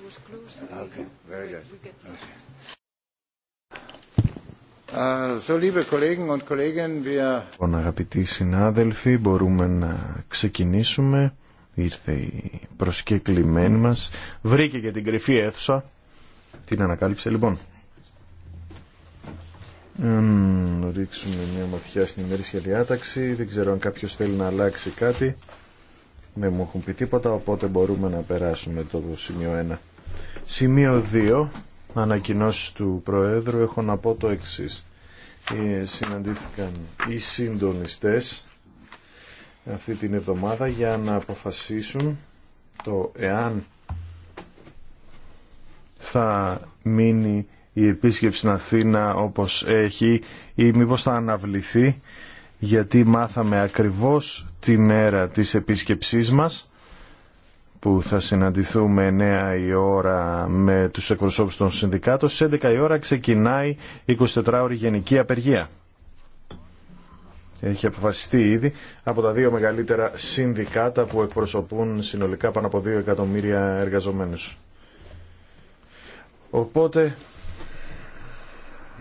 was closed. Okay, very good. Λοιπόν, αγαπητοί συνάδελφοι, μπορούμε να ξεκινήσουμε. Ήρθε η προσκεκλημένη μας. Βρήκε και την κρυφή αίθουσα. Την ανακάλυψε, λοιπόν. Ρίξουμε μια ματιά στην ημερήσια διάταξη. Δεν ξέρω αν κάποιος θέλει να αλλάξει κάτι δεν μου έχουν πει τίποτα οπότε μπορούμε να περάσουμε το σημείο 1 σημείο 2 ανακοινώσει του Προέδρου έχω να πω το εξής ε, συναντήθηκαν οι συντονιστές αυτή την εβδομάδα για να αποφασίσουν το εάν θα μείνει η επίσκεψη στην Αθήνα όπως έχει ή μήπως θα αναβληθεί γιατί μάθαμε ακριβώς τη μέρα της επίσκεψής μας που θα συναντηθούμε 9 η ώρα με τους εκπροσώπους των συνδικάτων. Σε 11 η ώρα ξεκινάει 24ωρη γενική απεργία. Έχει αποφασιστεί ήδη από τα δύο μεγαλύτερα συνδικάτα που εκπροσωπούν συνολικά πάνω από 2 εκατομμύρια εργαζομένους. Οπότε,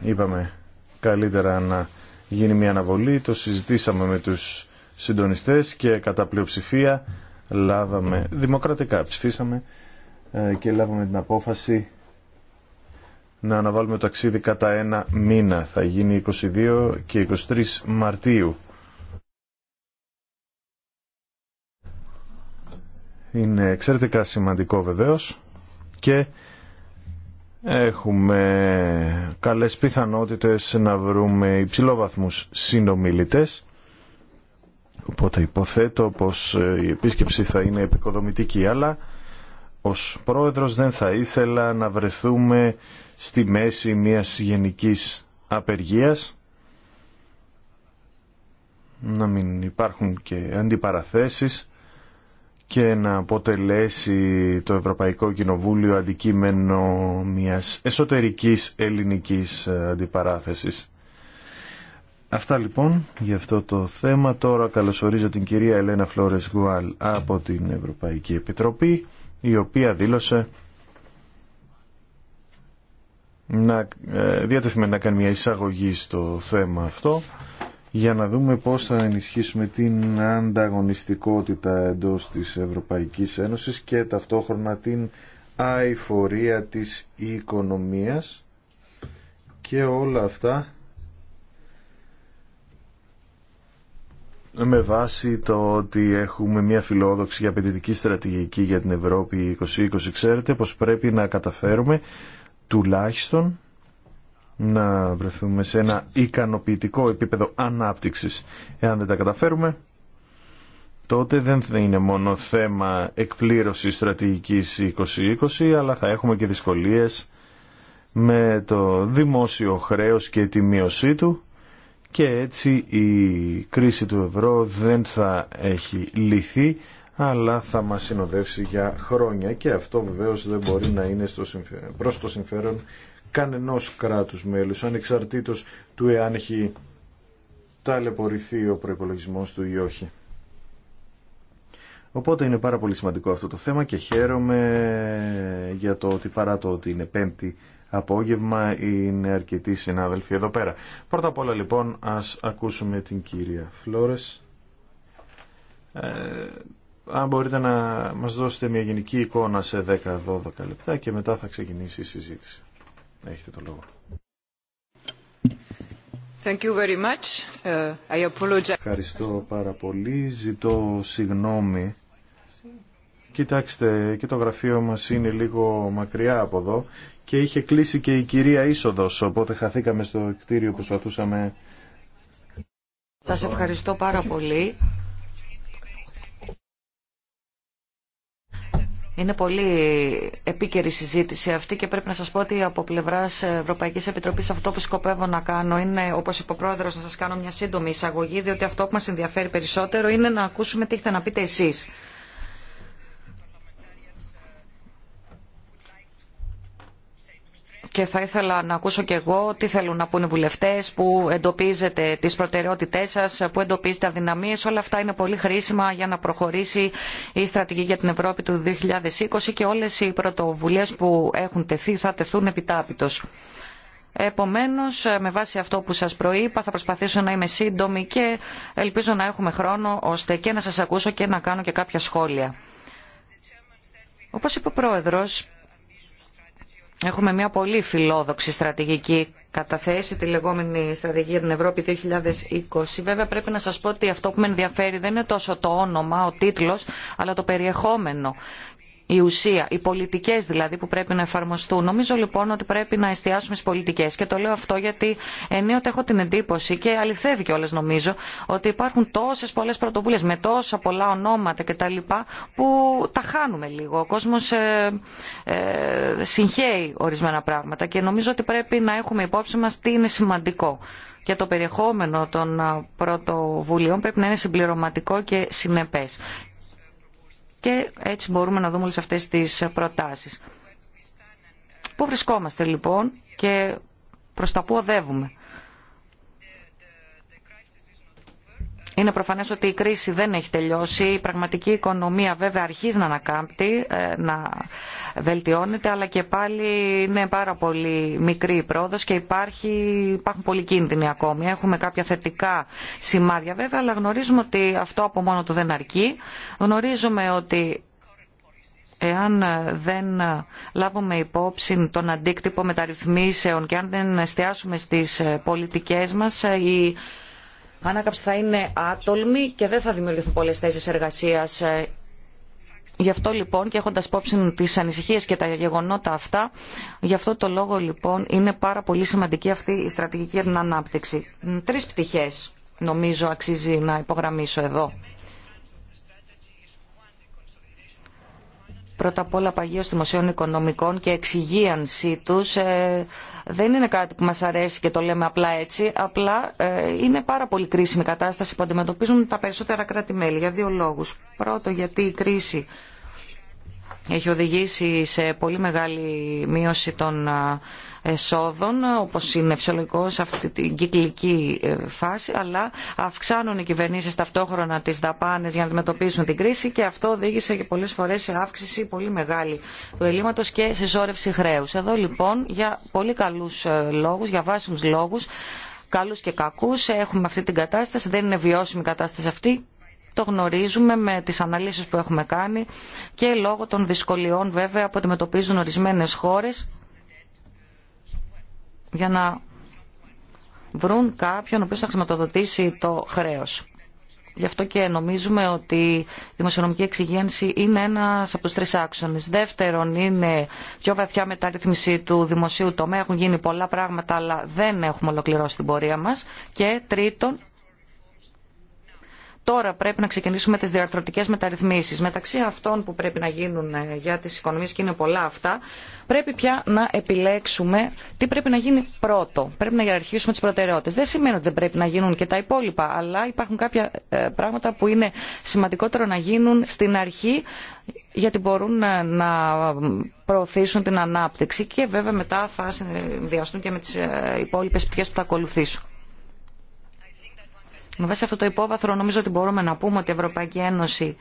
είπαμε, καλύτερα να γίνει μια αναβολή, το συζητήσαμε με τους συντονιστές και κατά πλειοψηφία λάβαμε, δημοκρατικά ψηφίσαμε ε, και λάβαμε την απόφαση να αναβάλουμε το ταξίδι κατά ένα μήνα. Θα γίνει 22 και 23 Μαρτίου. Είναι εξαιρετικά σημαντικό βεβαίως και έχουμε καλές πιθανότητες να βρούμε υψηλόβαθμους συνομιλητές οπότε υποθέτω πως ε, η επίσκεψη θα είναι επικοδομητική αλλά ως πρόεδρος δεν θα ήθελα να βρεθούμε στη μέση μιας γενικής απεργίας να μην υπάρχουν και αντιπαραθέσεις και να αποτελέσει το Ευρωπαϊκό Κοινοβούλιο αντικείμενο μιας εσωτερικής ελληνικής ε, αντιπαράθεσης. Αυτά λοιπόν για αυτό το θέμα. Τώρα καλωσορίζω την κυρία Ελένα Φλόρες Γουάλ από την Ευρωπαϊκή Επιτροπή, η οποία δήλωσε να ε, διατεθειμένη να κάνει μια εισαγωγή στο θέμα αυτό για να δούμε πώς θα ενισχύσουμε την ανταγωνιστικότητα εντός της Ευρωπαϊκής Ένωσης και ταυτόχρονα την αηφορία της οικονομίας και όλα αυτά με βάση το ότι έχουμε μια φιλόδοξη και απαιτητική στρατηγική για την Ευρώπη 2020. Ξέρετε πως πρέπει να καταφέρουμε τουλάχιστον να βρεθούμε σε ένα ικανοποιητικό επίπεδο ανάπτυξης. Εάν δεν τα καταφέρουμε, τότε δεν θα είναι μόνο θέμα εκπλήρωσης στρατηγικής 2020, αλλά θα έχουμε και δυσκολίες με το δημόσιο χρέος και τη μείωσή του και έτσι η κρίση του ευρώ δεν θα έχει λυθεί αλλά θα μας συνοδεύσει για χρόνια και αυτό βεβαίως δεν μπορεί να είναι στο προς το συμφέρον κανενός κράτους μέλους, ανεξαρτήτως του εάν έχει ταλαιπωρηθεί ο προϋπολογισμός του ή όχι. Οπότε είναι πάρα πολύ σημαντικό αυτό το θέμα και χαίρομαι για το ότι παρά το ότι είναι πέμπτη απόγευμα είναι αρκετοί συνάδελφοι εδώ πέρα. Πρώτα απ' όλα λοιπόν ας ακούσουμε την κυρία Φλόρες. Ε, αν μπορείτε να μας δώσετε μια γενική εικόνα σε 10-12 λεπτά και μετά θα ξεκινήσει η συζήτηση. Έχετε το λόγο. Thank you very much. Uh, apologize. Ευχαριστώ πάρα πολύ. Ζητώ συγγνώμη. Κοιτάξτε, και το γραφείο μας είναι λίγο μακριά από εδώ και είχε κλείσει και η κυρία είσοδος, οπότε χαθήκαμε στο κτίριο που προσπαθούσαμε... Σας ευχαριστώ πάρα πολύ. Είναι πολύ επίκαιρη συζήτηση αυτή και πρέπει να σας πω ότι από πλευρά Ευρωπαϊκής Επιτροπής αυτό που σκοπεύω να κάνω είναι, όπως είπε ο πρόεδρο, να σας κάνω μια σύντομη εισαγωγή, διότι αυτό που μας ενδιαφέρει περισσότερο είναι να ακούσουμε τι έχετε να πείτε εσείς και θα ήθελα να ακούσω και εγώ τι θέλουν να πούνε οι βουλευτές, που εντοπίζετε τις προτεραιότητές σας, που εντοπίζετε αδυναμίες. Όλα αυτά είναι πολύ χρήσιμα για να προχωρήσει η στρατηγική για την Ευρώπη του 2020 και όλες οι πρωτοβουλίες που έχουν τεθεί θα τεθούν επιτάπητος. Επομένως, με βάση αυτό που σας προείπα, θα προσπαθήσω να είμαι σύντομη και ελπίζω να έχουμε χρόνο ώστε και να σα ακούσω και να κάνω και κάποια σχόλια. Όπω είπε ο πρόεδρο, Έχουμε μια πολύ φιλόδοξη στρατηγική καταθέσει, τη λεγόμενη στρατηγική για την Ευρώπη 2020. Βέβαια πρέπει να σας πω ότι αυτό που με ενδιαφέρει δεν είναι τόσο το όνομα, ο τίτλος, αλλά το περιεχόμενο η ουσία, οι πολιτικέ δηλαδή που πρέπει να εφαρμοστούν. Νομίζω λοιπόν ότι πρέπει να εστιάσουμε στι πολιτικέ. Και το λέω αυτό γιατί ενίοτε έχω την εντύπωση και αληθεύει κιόλα νομίζω ότι υπάρχουν τόσε πολλέ πρωτοβουλίε με τόσα πολλά ονόματα κτλ. που τα χάνουμε λίγο. Ο κόσμο ε, ε, συγχαίει ορισμένα πράγματα και νομίζω ότι πρέπει να έχουμε υπόψη μα τι είναι σημαντικό. Και το περιεχόμενο των πρωτοβουλειών πρέπει να είναι συμπληρωματικό και συνεπές και έτσι μπορούμε να δούμε όλες αυτές τις προτάσεις. Πού βρισκόμαστε λοιπόν και προς τα πού οδεύουμε. Είναι προφανές ότι η κρίση δεν έχει τελειώσει. Η πραγματική οικονομία βέβαια αρχίζει να ανακάμπτει, ε, να βελτιώνεται, αλλά και πάλι είναι πάρα πολύ μικρή η πρόοδος και υπάρχει, υπάρχουν πολύ κίνδυνοι ακόμη. Έχουμε κάποια θετικά σημάδια βέβαια, αλλά γνωρίζουμε ότι αυτό από μόνο του δεν αρκεί. Γνωρίζουμε ότι εάν δεν λάβουμε υπόψη τον αντίκτυπο μεταρρυθμίσεων και αν δεν εστιάσουμε στις πολιτικές μας ε, η ανάκαμψη θα είναι άτολμη και δεν θα δημιουργηθούν πολλές θέσεις εργασίας. Ε, γι' αυτό λοιπόν και έχοντας υπόψη τις ανησυχίες και τα γεγονότα αυτά, γι' αυτό το λόγο λοιπόν είναι πάρα πολύ σημαντική αυτή η στρατηγική ανάπτυξη. Τρεις πτυχές νομίζω αξίζει να υπογραμμίσω εδώ. πρώτα απ' όλα παγίωση δημοσίων οικονομικών και εξυγίανσή τους ε, δεν είναι κάτι που μας αρέσει και το λέμε απλά έτσι, απλά ε, είναι πάρα πολύ κρίσιμη κατάσταση που αντιμετωπίζουν τα περισσότερα κράτη-μέλη για δύο λόγους. Πρώτο γιατί η κρίση έχει οδηγήσει σε πολύ μεγάλη μείωση των ε, εσόδων, όπως είναι φυσιολογικό σε αυτή την κυκλική ε, φάση, αλλά αυξάνουν οι κυβερνήσει ταυτόχρονα τι δαπάνε για να αντιμετωπίσουν την κρίση και αυτό οδήγησε και πολλέ φορέ σε αύξηση πολύ μεγάλη του ελλείμματο και συσσόρευση χρέου. Εδώ λοιπόν για πολύ καλού ε, λόγου, για βάσιμους λόγου, καλού και κακού. έχουμε αυτή την κατάσταση, δεν είναι βιώσιμη η κατάσταση αυτή το γνωρίζουμε με τις αναλύσεις που έχουμε κάνει και λόγω των δυσκολιών βέβαια που αντιμετωπίζουν ορισμένες χώρες για να βρουν κάποιον ο οποίος θα χρηματοδοτήσει το χρέος. Γι' αυτό και νομίζουμε ότι η δημοσιονομική εξυγένση είναι ένα από του τρει άξονε. Δεύτερον, είναι πιο βαθιά μεταρρύθμιση του δημοσίου τομέα. Έχουν γίνει πολλά πράγματα, αλλά δεν έχουμε ολοκληρώσει την πορεία μας. Και τρίτον, Τώρα πρέπει να ξεκινήσουμε τι διαρθρωτικές μεταρρυθμίσει, Μεταξύ αυτών που πρέπει να γίνουν ε, για τι οικονομίε και είναι πολλά αυτά, πρέπει πια να επιλέξουμε τι πρέπει να γίνει πρώτο. Πρέπει να ιεραρχήσουμε τι προτεραιότητε. Δεν σημαίνει ότι δεν πρέπει να γίνουν και τα υπόλοιπα, αλλά υπάρχουν κάποια ε, πράγματα που είναι σημαντικότερο να γίνουν στην αρχή γιατί μπορούν ε, να προωθήσουν την ανάπτυξη και βέβαια μετά θα συνδυαστούν και με τις υπόλοιπες πτυχές που θα ακολουθήσουν. Με βάση αυτό το υπόβαθρο νομίζω ότι μπορούμε να πούμε ότι η Ευρωπαϊκή Ένωση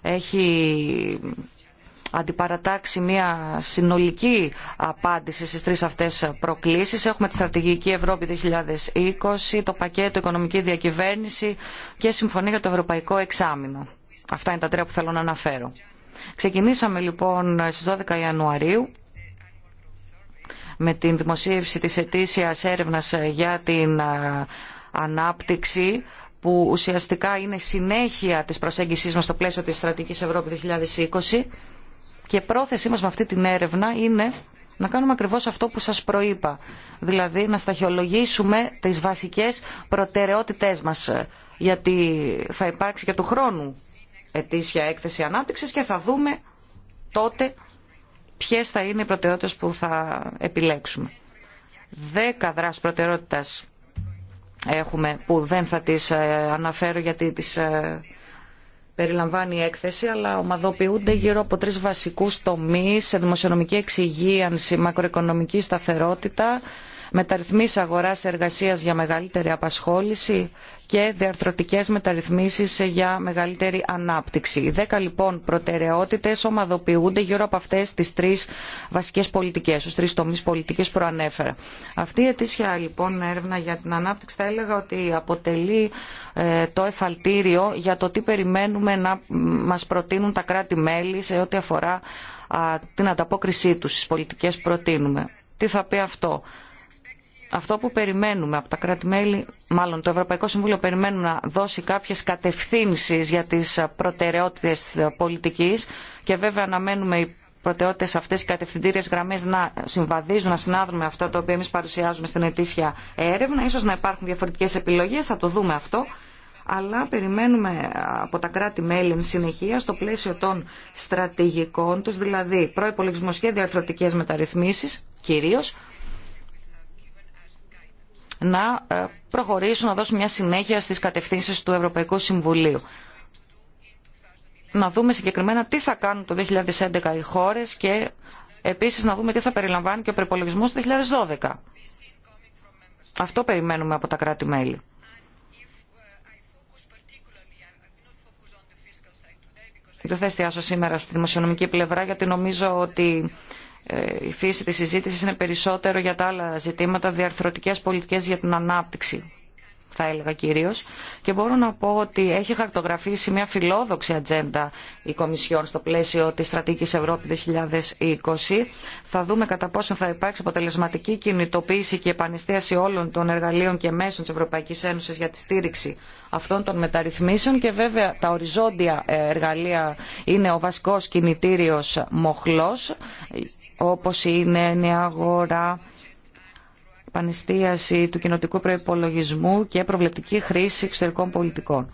έχει αντιπαρατάξει μια συνολική απάντηση στις τρεις αυτές προκλήσεις. Έχουμε τη Στρατηγική Ευρώπη 2020, το πακέτο Οικονομική Διακυβέρνηση και Συμφωνία για το Ευρωπαϊκό Εξάμεινο. Αυτά είναι τα τρία που θέλω να αναφέρω. Ξεκινήσαμε λοιπόν στις 12 Ιανουαρίου με την δημοσίευση της ετήσιας έρευνας για την ανάπτυξη που ουσιαστικά είναι συνέχεια της προσέγγισής μας στο πλαίσιο της στρατηγικής Ευρώπη 2020 και πρόθεσή μας με αυτή την έρευνα είναι να κάνουμε ακριβώς αυτό που σας προείπα, δηλαδή να σταχυολογήσουμε τις βασικές προτεραιότητές μας, ε, γιατί θα υπάρξει και του χρόνου ετήσια έκθεση ανάπτυξης και θα δούμε τότε ποιες θα είναι οι προτεραιότητες που θα επιλέξουμε. Δέκα δράσεις προτεραιότητας έχουμε που δεν θα τις ε, αναφέρω γιατί τις ε, περιλαμβάνει η έκθεση αλλά ομαδοποιούνται γύρω από τρεις βασικούς τομείς δημοσιονομική εξυγίανση, μακροοικονομική σταθερότητα μεταρρυθμίσει αγοράς εργασίας για μεγαλύτερη απασχόληση και διαρθρωτικές μεταρρυθμίσεις για μεγαλύτερη ανάπτυξη. Οι δέκα λοιπόν προτεραιότητες ομαδοποιούνται γύρω από αυτές τις τρεις βασικές πολιτικές, τους τρεις τομείς πολιτικής προανέφερα. Αυτή η αιτήσια λοιπόν έρευνα για την ανάπτυξη θα έλεγα ότι αποτελεί ε, το εφαλτήριο για το τι περιμένουμε να μας προτείνουν τα κράτη-μέλη σε ό,τι αφορά την ανταπόκρισή τους στις πολιτικές προτείνουμε. Τι θα πει αυτό αυτό που περιμένουμε από τα κράτη-μέλη, μάλλον το Ευρωπαϊκό Συμβούλιο περιμένουμε να δώσει κάποιες κατευθύνσεις για τις προτεραιότητες πολιτικής και βέβαια αναμένουμε οι προτεραιότητες αυτές, οι κατευθυντήριες γραμμές να συμβαδίζουν, να συνάδουν με αυτά τα οποία εμείς παρουσιάζουμε στην ετήσια έρευνα. Ίσως να υπάρχουν διαφορετικές επιλογές, θα το δούμε αυτό αλλά περιμένουμε από τα κράτη-μέλη συνεχεία στο πλαίσιο των στρατηγικών τους, δηλαδή προϋπολογισμοσχέδια αρθρωτικές μεταρρυθμίσεις κυρίως, να ε, προχωρήσουν, να δώσουν μια συνέχεια στις κατευθύνσεις του Ευρωπαϊκού Συμβουλίου. Να δούμε συγκεκριμένα τι θα κάνουν το 2011 οι χώρες και επίσης να δούμε τι θα περιλαμβάνει και ο προπολογισμό του 2012. Αυτό περιμένουμε από τα κράτη-μέλη. Δεν θα εστιάσω σήμερα στη δημοσιονομική πλευρά γιατί νομίζω ότι ε, η φύση της συζήτησης είναι περισσότερο για τα άλλα ζητήματα, διαρθρωτικές πολιτικές για την ανάπτυξη θα έλεγα κυρίω. Και μπορώ να πω ότι έχει χαρτογραφήσει μια φιλόδοξη ατζέντα η Κομισιόν στο πλαίσιο τη Στρατηγική Ευρώπη 2020. Θα δούμε κατά πόσο θα υπάρξει αποτελεσματική κινητοποίηση και επανεστίαση όλων των εργαλείων και μέσων τη Ευρωπαϊκή Ένωση για τη στήριξη αυτών των μεταρρυθμίσεων. Και βέβαια τα οριζόντια ε, εργαλεία είναι ο βασικό κινητήριο μοχλό, όπω είναι η αγορά επανεστίαση του κοινοτικού προϋπολογισμού και προβλεπτική χρήση εξωτερικών πολιτικών.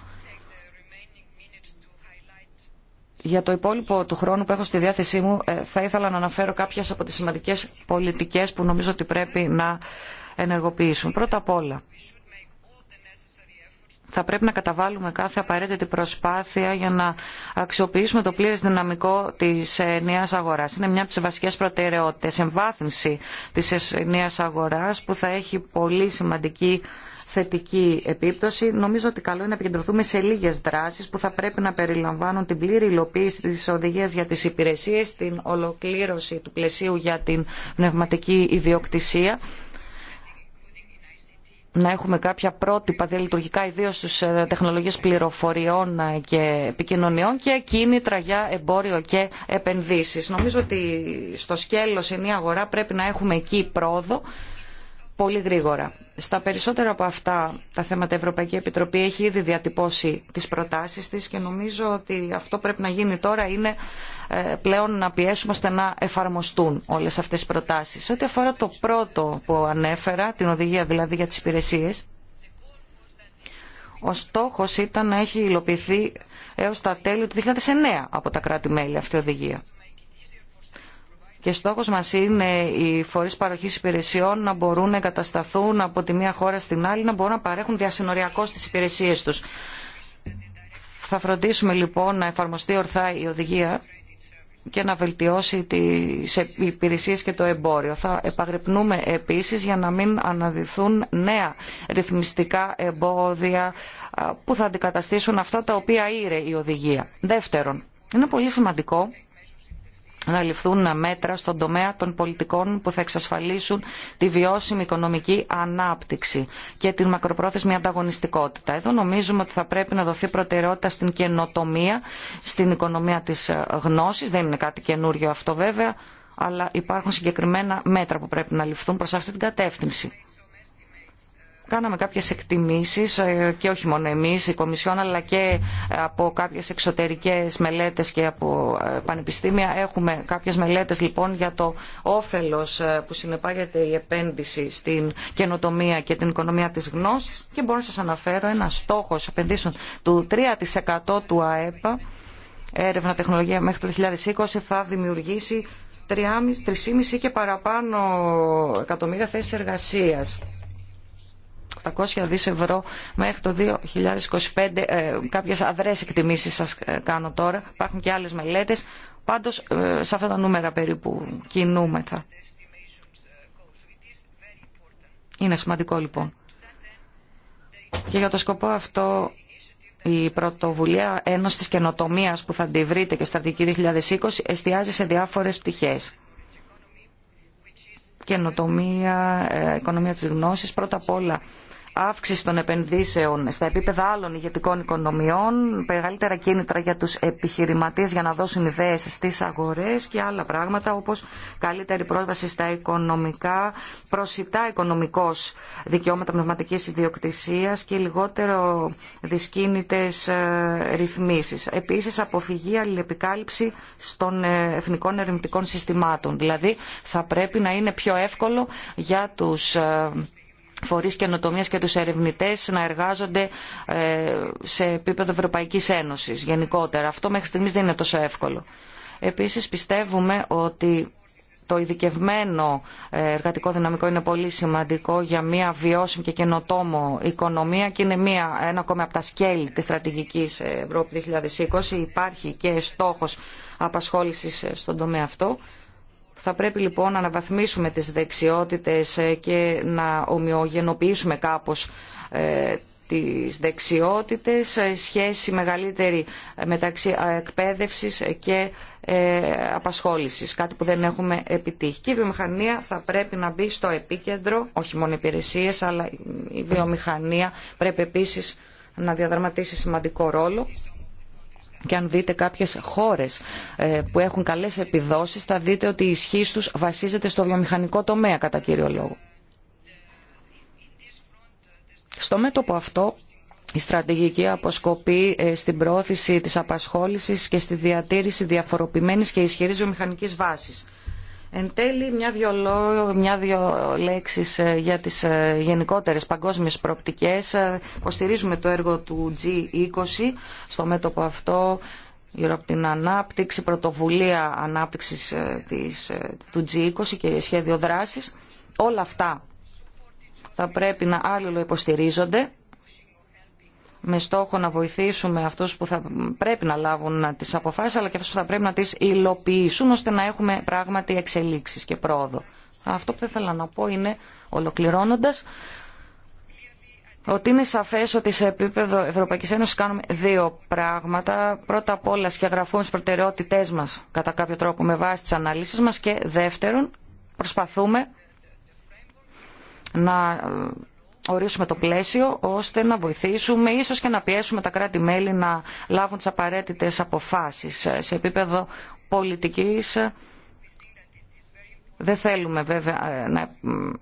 Για το υπόλοιπο του χρόνου που έχω στη διάθεσή μου ε, θα ήθελα να αναφέρω κάποιες από τις σημαντικές πολιτικές που νομίζω ότι πρέπει να ενεργοποιήσουν. Πρώτα απ' όλα, θα πρέπει να καταβάλουμε κάθε απαραίτητη προσπάθεια για να αξιοποιήσουμε το πλήρε δυναμικό τη νέα αγορά. Είναι μια από τι βασικέ προτεραιότητε, εμβάθυνση τη νέα αγορά που θα έχει πολύ σημαντική θετική επίπτωση. Νομίζω ότι καλό είναι να επικεντρωθούμε σε λίγε δράσει που θα πρέπει να περιλαμβάνουν την πλήρη υλοποίηση τη οδηγία για τι υπηρεσίε, την ολοκλήρωση του πλαισίου για την πνευματική ιδιοκτησία να έχουμε κάποια πρότυπα διαλειτουργικά ιδίω στους ε, τεχνολογίες πληροφοριών ε, και επικοινωνιών και κίνητρα για εμπόριο και επενδύσεις. Νομίζω ότι στο σκέλος ενή αγορά πρέπει να έχουμε εκεί πρόοδο πολύ γρήγορα. Στα περισσότερα από αυτά τα θέματα η Ευρωπαϊκή Επιτροπή έχει ήδη διατυπώσει τις προτάσεις της και νομίζω ότι αυτό πρέπει να γίνει τώρα είναι ε, πλέον να πιέσουμε ώστε να εφαρμοστούν όλες αυτές οι προτάσεις. Σε ό,τι αφορά το πρώτο που ανέφερα, την οδηγία δηλαδή για τις υπηρεσίες, ο στόχος ήταν να έχει υλοποιηθεί έως τα τέλη του 2009 από τα κράτη-μέλη αυτή η οδηγία και στόχος μας είναι οι φορείς παροχής υπηρεσιών να μπορούν να εγκατασταθούν από τη μία χώρα στην άλλη, να μπορούν να παρέχουν διασυνοριακώς τις υπηρεσίες τους. Θα φροντίσουμε λοιπόν να εφαρμοστεί ορθά η οδηγία και να βελτιώσει τις υπηρεσίες και το εμπόριο. Θα επαγρυπνούμε επίσης για να μην αναδυθούν νέα ρυθμιστικά εμπόδια που θα αντικαταστήσουν αυτά τα οποία ήρε η οδηγία. Δεύτερον, είναι πολύ σημαντικό να ληφθούν μέτρα στον τομέα των πολιτικών που θα εξασφαλίσουν τη βιώσιμη οικονομική ανάπτυξη και την μακροπρόθεσμη ανταγωνιστικότητα. Εδώ νομίζουμε ότι θα πρέπει να δοθεί προτεραιότητα στην καινοτομία, στην οικονομία της γνώσης. Δεν είναι κάτι καινούριο αυτό βέβαια, αλλά υπάρχουν συγκεκριμένα μέτρα που πρέπει να ληφθούν προς αυτή την κατεύθυνση. Κάναμε κάποιες εκτιμήσεις ε, και όχι μόνο εμείς, η Κομισιόν, αλλά και από κάποιες εξωτερικές μελέτες και από ε, πανεπιστήμια. Έχουμε κάποιες μελέτες λοιπόν για το όφελος ε, που συνεπάγεται η επένδυση στην καινοτομία και την οικονομία της γνώσης και μπορώ να σας αναφέρω ένα στόχος επενδύσεων του 3% του ΑΕΠΑ, έρευνα τεχνολογία μέχρι το 2020, θα δημιουργήσει 3,5 και παραπάνω εκατομμύρια θέσεις εργασίας. 800 δις ευρώ μέχρι το 2025. Ε, κάποιες αδρές εκτιμήσεις σας ε, κάνω τώρα. Υπάρχουν και άλλες μελέτες. Πάντως ε, σε αυτά τα νούμερα περίπου κινούμεθα. Είναι σημαντικό λοιπόν. Και για το σκοπό αυτό η πρωτοβουλία Ένωση της Καινοτομίας που θα τη βρείτε και στρατηγική 2020 εστιάζει σε διάφορες πτυχές καινοτομία, ε, οικονομία της γνώσης. Πρώτα απ' όλα αύξηση των επενδύσεων στα επίπεδα άλλων ηγετικών οικονομιών, μεγαλύτερα κίνητρα για τους επιχειρηματίες για να δώσουν ιδέες στις αγορές και άλλα πράγματα όπως καλύτερη πρόσβαση στα οικονομικά, προσιτά οικονομικός δικαιώματα πνευματικής ιδιοκτησίας και λιγότερο δυσκίνητες ε, ρυθμίσεις. Επίσης αποφυγή αλληλεπικάλυψη των ε, εθνικών ερευνητικών συστημάτων. Δηλαδή θα πρέπει να είναι πιο εύκολο για τους ε, φορείς καινοτομία και τους ερευνητέ να εργάζονται ε, σε επίπεδο Ευρωπαϊκής Ένωσης γενικότερα. Αυτό μέχρι στιγμής δεν είναι τόσο εύκολο. Επίσης πιστεύουμε ότι το ειδικευμένο ε, εργατικό δυναμικό είναι πολύ σημαντικό για μια βιώσιμη και καινοτόμο οικονομία και είναι μια, ένα ακόμα από τα σκέλη της στρατηγικής Ευρώπη 2020. Υπάρχει και στόχος απασχόλησης στον τομέα αυτό. Θα πρέπει λοιπόν να αναβαθμίσουμε τις δεξιότητες ε, και να ομοιογενοποιήσουμε κάπως ε, τις δεξιότητες σε σχέση μεγαλύτερη ε, μεταξύ εκπαίδευσης και απασχόλησης, κάτι που δεν έχουμε επιτύχει. Και η βιομηχανία θα πρέπει να μπει στο επίκεντρο, όχι μόνο υπηρεσίε, αλλά η βιομηχανία πρέπει επίσης να διαδραματίσει σημαντικό ρόλο και αν δείτε κάποιες χώρες ε, που έχουν καλές επιδόσεις θα δείτε ότι η ισχύ τους βασίζεται στο βιομηχανικό τομέα κατά κύριο λόγο. Στο μέτωπο αυτό η στρατηγική αποσκοπεί ε, στην πρόθεση της απασχόλησης και στη διατήρηση διαφοροποιημένης και ισχυρής βιομηχανικής βάσης Εν τέλει, μια δυο, μια ε, για τις ε, γενικότερες παγκόσμιες προοπτικές. Ε, υποστηρίζουμε το έργο του G20 στο μέτωπο αυτό γύρω από την ανάπτυξη, πρωτοβουλία ανάπτυξης της, του G20 και σχέδιο δράσης. Όλα αυτά θα πρέπει να άλληλο υποστηρίζονται με στόχο να βοηθήσουμε αυτούς που θα πρέπει να λάβουν τις αποφάσεις αλλά και αυτούς που θα πρέπει να τις υλοποιήσουν ώστε να έχουμε πράγματι εξελίξεις και πρόοδο. Αυτό που θα ήθελα να πω είναι, ολοκληρώνοντας, ότι είναι σαφές ότι σε επίπεδο Ευρωπαϊκής Ένωσης κάνουμε δύο πράγματα. Πρώτα απ' όλα σχεδιαγραφούμε τι προτεραιότητές μας κατά κάποιο τρόπο με βάση τις αναλύσεις μας και δεύτερον προσπαθούμε να ορίσουμε το πλαίσιο ώστε να βοηθήσουμε ίσως και να πιέσουμε τα κράτη-μέλη να λάβουν τις απαραίτητες αποφάσεις σε επίπεδο πολιτικής δεν θέλουμε βέβαια ε, να,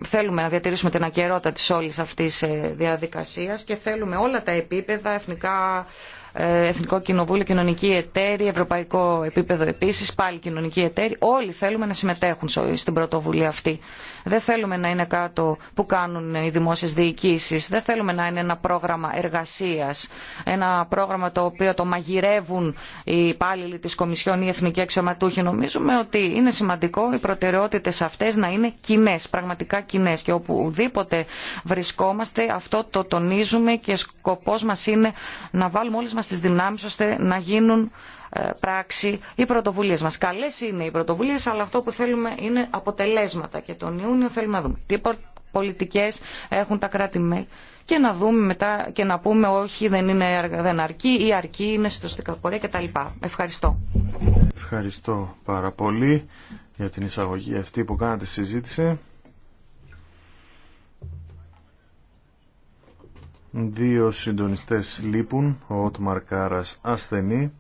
θέλουμε να διατηρήσουμε την ακαιρότητα της όλης αυτής ε, διαδικασίας και θέλουμε όλα τα επίπεδα, εθνικά, ε, Εθνικό Κοινοβούλιο, Κοινωνική Εταίρη, Ευρωπαϊκό επίπεδο επίσης, πάλι Κοινωνική Εταίρη. Όλοι θέλουμε να συμμετέχουν στην πρωτοβουλία αυτή. Δεν θέλουμε να είναι κάτω που κάνουν οι δημόσιε διοικήσει. Δεν θέλουμε να είναι ένα πρόγραμμα εργασίας. Ένα πρόγραμμα το οποίο το μαγειρεύουν οι υπάλληλοι της Κομισιόν ή οι εθνικοί αξιωματούχοι. Νομίζουμε ότι είναι σημαντικό οι προτεραιότητες αυτές να είναι κοινέ, πραγματικά κοινέ. Και οπουδήποτε βρισκόμαστε, αυτό το τονίζουμε και σκοπός μας είναι να βάλουμε μα μας τις δυνάμεις ώστε να γίνουν ε, πράξη οι πρωτοβουλίες μας. Καλές είναι οι πρωτοβουλίες, αλλά αυτό που θέλουμε είναι αποτελέσματα και τον Ιούνιο θέλουμε να δούμε τι πολιτικές έχουν τα κράτη-μέλη και να δούμε μετά και να πούμε όχι δεν, είναι, δεν αρκεί ή αρκεί, είναι στο πορεία κτλ. Ευχαριστώ. Ευχαριστώ πάρα πολύ για την εισαγωγή αυτή που κάνατε συζήτηση. Δύο συντονιστές λείπουν, ο Ότμαρ Κάρας ασθενή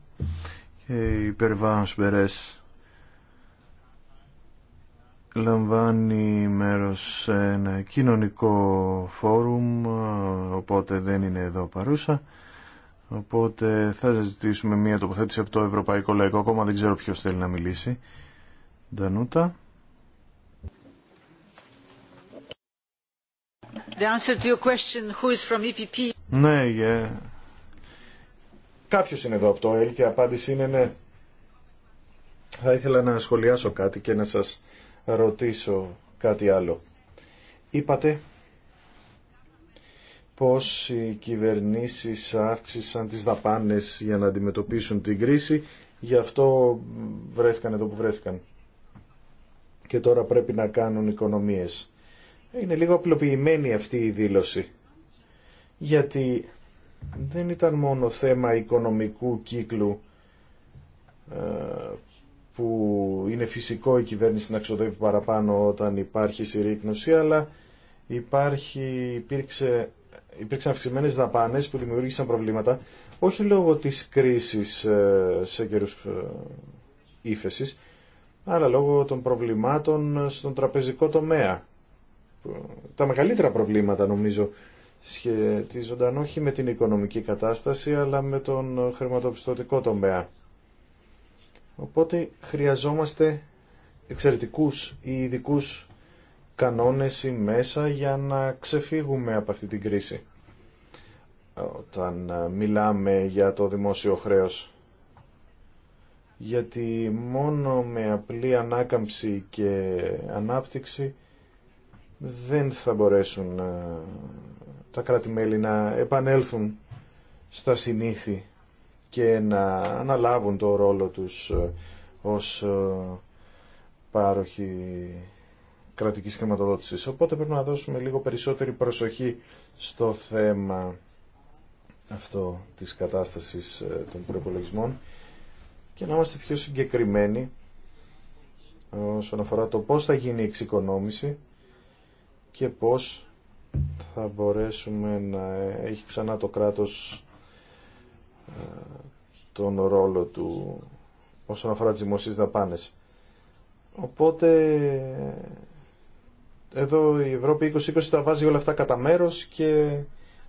και η Περβάνος Μπερές λαμβάνει μέρος σε ένα κοινωνικό φόρουμ, οπότε δεν είναι εδώ παρούσα. Οπότε θα ζητήσουμε μια τοποθέτηση από το Ευρωπαϊκό Λαϊκό Κόμμα, δεν ξέρω ποιος θέλει να μιλήσει. Ντανούτα. question, e Ναι, Κάποιος είναι εδώ από το ΕΛ και η απάντηση είναι ναι. Θα ήθελα να σχολιάσω κάτι και να σας ρωτήσω κάτι άλλο. Είπατε πως οι κυβερνήσεις αύξησαν τις δαπάνες για να αντιμετωπίσουν την κρίση, γι' αυτό βρέθηκαν εδώ που βρέθηκαν. Και τώρα πρέπει να κάνουν οικονομίες. Είναι λίγο απλοποιημένη αυτή η δήλωση. Γιατί δεν ήταν μόνο θέμα οικονομικού κύκλου ε, που είναι φυσικό η κυβέρνηση να ξοδεύει παραπάνω όταν υπάρχει συρρήκνωση, αλλά υπάρχει, υπήρξε, υπήρξαν αυξημένε δαπάνε που δημιούργησαν προβλήματα, όχι λόγω της κρίσης ε, σε καιρού ε, ύφεση, αλλά λόγω των προβλημάτων στον τραπεζικό τομέα τα μεγαλύτερα προβλήματα νομίζω σχετίζονταν όχι με την οικονομική κατάσταση αλλά με τον χρηματοπιστωτικό τομέα. Οπότε χρειαζόμαστε εξαιρετικούς ή ειδικού κανόνες ή μέσα για να ξεφύγουμε από αυτή την κρίση. Όταν ε, μιλάμε για το δημόσιο χρέος. Γιατί μόνο με απλή ανάκαμψη και ανάπτυξη δεν θα μπορέσουν ε, τα κράτη-μέλη να επανέλθουν στα συνήθη και να αναλάβουν το ρόλο τους ε, ως ε, πάροχοι κρατικής χρηματοδότησης. Οπότε πρέπει να δώσουμε λίγο περισσότερη προσοχή στο θέμα αυτό της κατάστασης των προπολογισμών και να είμαστε πιο συγκεκριμένοι όσον αφορά το πώς θα γίνει η εξοικονόμηση και πώς θα μπορέσουμε να έχει ξανά το κράτος ε, τον ρόλο του όσον αφορά τις δημοσίες δαπάνες. Οπότε εδώ η Ευρώπη 2020 τα βάζει όλα αυτά κατά μέρο και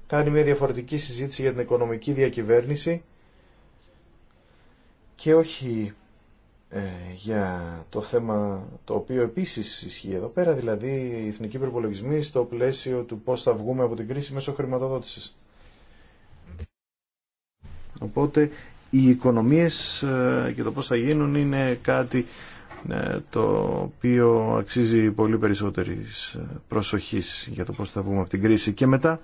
κάνει μια διαφορετική συζήτηση για την οικονομική διακυβέρνηση και όχι ε, για το θέμα το οποίο επίσης ισχύει εδώ πέρα, δηλαδή η εθνική προπολογισμή, στο πλαίσιο του πώς θα βγούμε από την κρίση μέσω χρηματοδότησης. Οπότε οι οικονομίες ε, και το πώς θα γίνουν είναι κάτι ε, το οποίο αξίζει πολύ περισσότερης προσοχής για το πώς θα βγούμε από την κρίση και μετά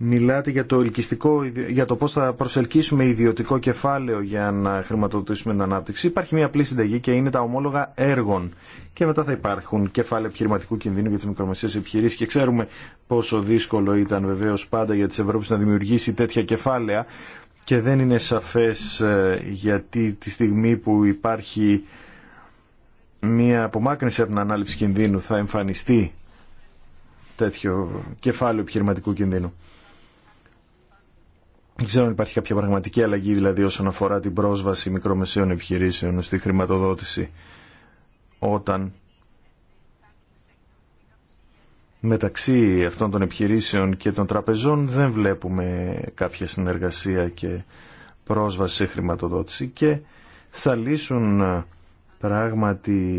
Μιλάτε για το, ελκυστικό, για το πώς θα προσελκύσουμε ιδιωτικό κεφάλαιο για να χρηματοδοτήσουμε την ανάπτυξη. Υπάρχει μια απλή συνταγή και είναι τα ομόλογα έργων. Και μετά θα υπάρχουν κεφάλαια επιχειρηματικού κινδύνου για τις μικρομεσαίες επιχειρήσεις. Και ξέρουμε πόσο δύσκολο ήταν βεβαίως πάντα για τις Ευρώπη να δημιουργήσει τέτοια κεφάλαια. Και δεν είναι σαφές ε, γιατί τη στιγμή που υπάρχει μια απομάκρυνση από την ανάληψη κινδύνου θα εμφανιστεί τέτοιο κεφάλαιο επιχειρηματικού κινδύνου. Δεν ξέρω αν υπάρχει κάποια πραγματική αλλαγή δηλαδή όσον αφορά την πρόσβαση μικρομεσαίων επιχειρήσεων στη χρηματοδότηση όταν μεταξύ αυτών των επιχειρήσεων και των τραπεζών δεν βλέπουμε κάποια συνεργασία και πρόσβαση σε χρηματοδότηση και θα λύσουν ε, πράγματι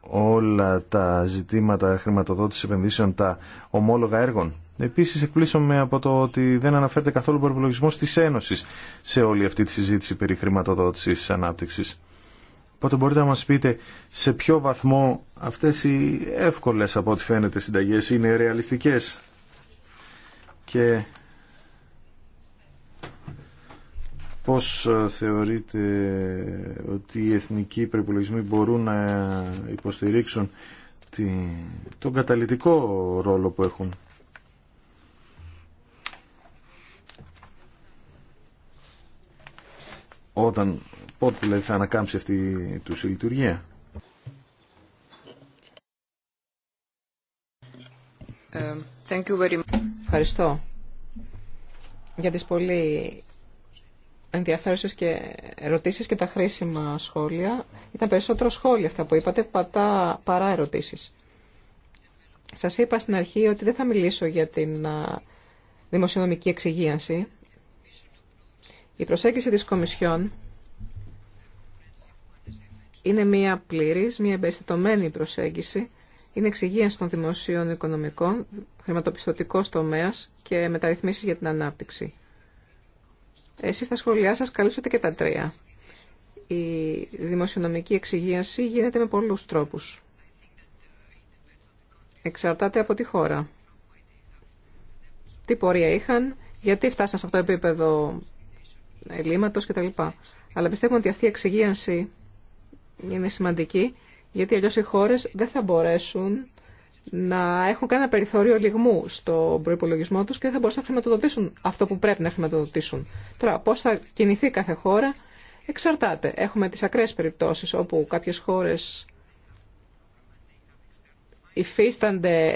όλα τα ζητήματα χρηματοδότηση επενδύσεων τα ομόλογα έργων. Επίσης εκπλήσωμαι από το ότι δεν αναφέρεται καθόλου ο προπολογισμό τη Ένωσης σε όλη αυτή τη συζήτηση περί χρηματοδότηση ανάπτυξη. Οπότε μπορείτε να μας πείτε σε ποιο βαθμό αυτές οι εύκολες από ό,τι φαίνεται συνταγές είναι ρεαλιστικές. Και πώς ε, θεωρείτε ότι οι εθνικοί προπολογισμοί μπορούν να υποστηρίξουν τον καταλητικό ρόλο που έχουν Όταν, πότε δηλαδή θα ανακάμψει αυτή του τους η λειτουργία. Ε, Ευχαριστώ για τις πολύ ενδιαφέρουσες και ερωτήσεις και τα χρήσιμα σχόλια. Ήταν περισσότερο σχόλια αυτά που είπατε πατά, παρά ερωτήσεις. Σας είπα στην αρχή ότι δεν θα μιλήσω για την δημοσιονομική εξυγίανση. Η προσέγγιση της Κομισιόν είναι μία πλήρης, μία εμπεριστατωμένη προσέγγιση. Είναι εξυγίανση των δημοσίων οικονομικών, χρηματοπιστωτικό τομέας και μεταρρυθμίσεις για την ανάπτυξη. Εσείς στα σχολιά σας καλύψατε και τα τρία. Η δημοσιονομική εξυγίανση γίνεται με πολλούς τρόπους. Εξαρτάται από τη χώρα. Τι πορεία είχαν, γιατί φτάσαν σε αυτό το επίπεδο ελλείμματο κτλ. Αλλά πιστεύουμε ότι αυτή η εξυγίανση είναι σημαντική, γιατί αλλιώ οι χώρε δεν θα μπορέσουν να έχουν κανένα περιθώριο λιγμού στο προπολογισμό του και δεν θα μπορούσαν να χρηματοδοτήσουν αυτό που πρέπει να χρηματοδοτήσουν. Τώρα, πώ θα κινηθεί κάθε χώρα εξαρτάται. Έχουμε τι ακραίε περιπτώσει όπου κάποιε χώρε υφίστανται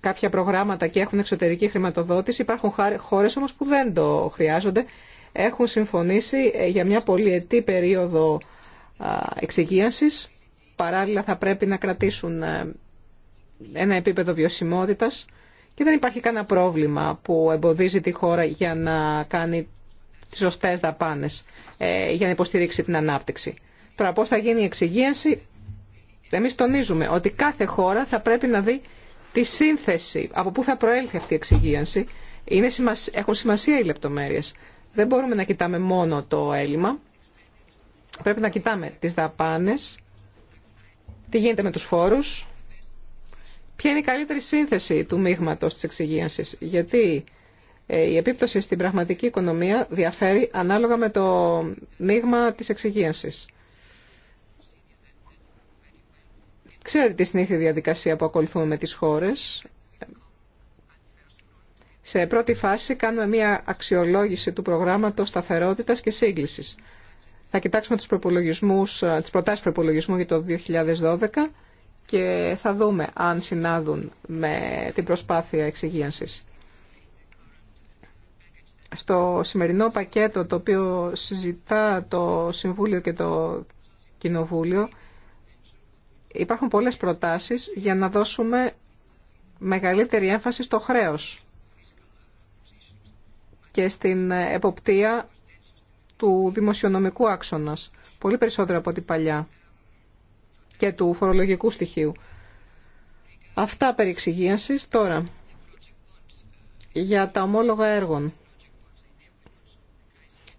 κάποια προγράμματα και έχουν εξωτερική χρηματοδότηση. Υπάρχουν χώρε όμω που δεν το χρειάζονται έχουν συμφωνήσει ε, για μια πολυετή περίοδο εξυγίασης. Παράλληλα θα πρέπει να κρατήσουν ε, ένα επίπεδο βιωσιμότητας και δεν υπάρχει κανένα πρόβλημα που εμποδίζει τη χώρα για να κάνει τις σωστέ δαπάνες ε, για να υποστηρίξει την ανάπτυξη. Τώρα πώς θα γίνει η εξυγίαση. εμείς τονίζουμε ότι κάθε χώρα θα πρέπει να δει τη σύνθεση, από πού θα προέλθει αυτή η εξυγίανση. Είναι, έχουν σημασία οι λεπτομέρειες. Δεν μπορούμε να κοιτάμε μόνο το έλλειμμα. Πρέπει να κοιτάμε τις δαπάνες, τι γίνεται με τους φόρους, ποια είναι η καλύτερη σύνθεση του μείγματος της εξυγίανσης. Γιατί ε, η επίπτωση στην πραγματική οικονομία διαφέρει ανάλογα με το μείγμα της εξυγίανσης. Ξέρετε τη συνήθεια διαδικασία που ακολουθούμε με τις χώρες. Σε πρώτη φάση κάνουμε μια αξιολόγηση του προγράμματος σταθερότητας και σύγκλησης. Θα κοιτάξουμε τους προπολογισμούς, ε, τις προτάσεις προπολογισμού για το 2012 και θα δούμε αν συνάδουν με την προσπάθεια εξυγίανσης. Στο σημερινό πακέτο το οποίο συζητά το Συμβούλιο και το Κοινοβούλιο υπάρχουν πολλές προτάσεις για να δώσουμε μεγαλύτερη έμφαση στο χρέος και στην εποπτεία του δημοσιονομικού άξονας, πολύ περισσότερο από την παλιά και του φορολογικού στοιχείου. Αυτά περί Τώρα, για τα ομόλογα έργων.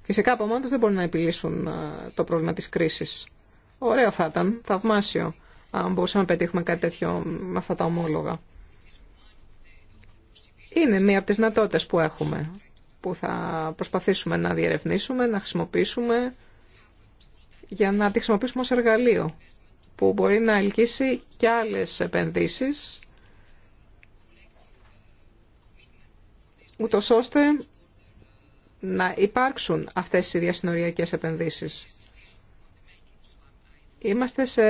Φυσικά από μόνο δεν μπορούν να επιλύσουν το πρόβλημα της κρίσης. Ωραίο θα ήταν, θαυμάσιο, αν μπορούσαμε να πετύχουμε κάτι τέτοιο με αυτά τα ομόλογα. Είναι μία από τις δυνατότητε που έχουμε που θα προσπαθήσουμε να διερευνήσουμε, να χρησιμοποιήσουμε για να τη χρησιμοποιήσουμε ως εργαλείο που μπορεί να ελκύσει και άλλες επενδύσεις ούτως ώστε να υπάρξουν αυτές οι διασυνοριακές επενδύσεις. Είμαστε σε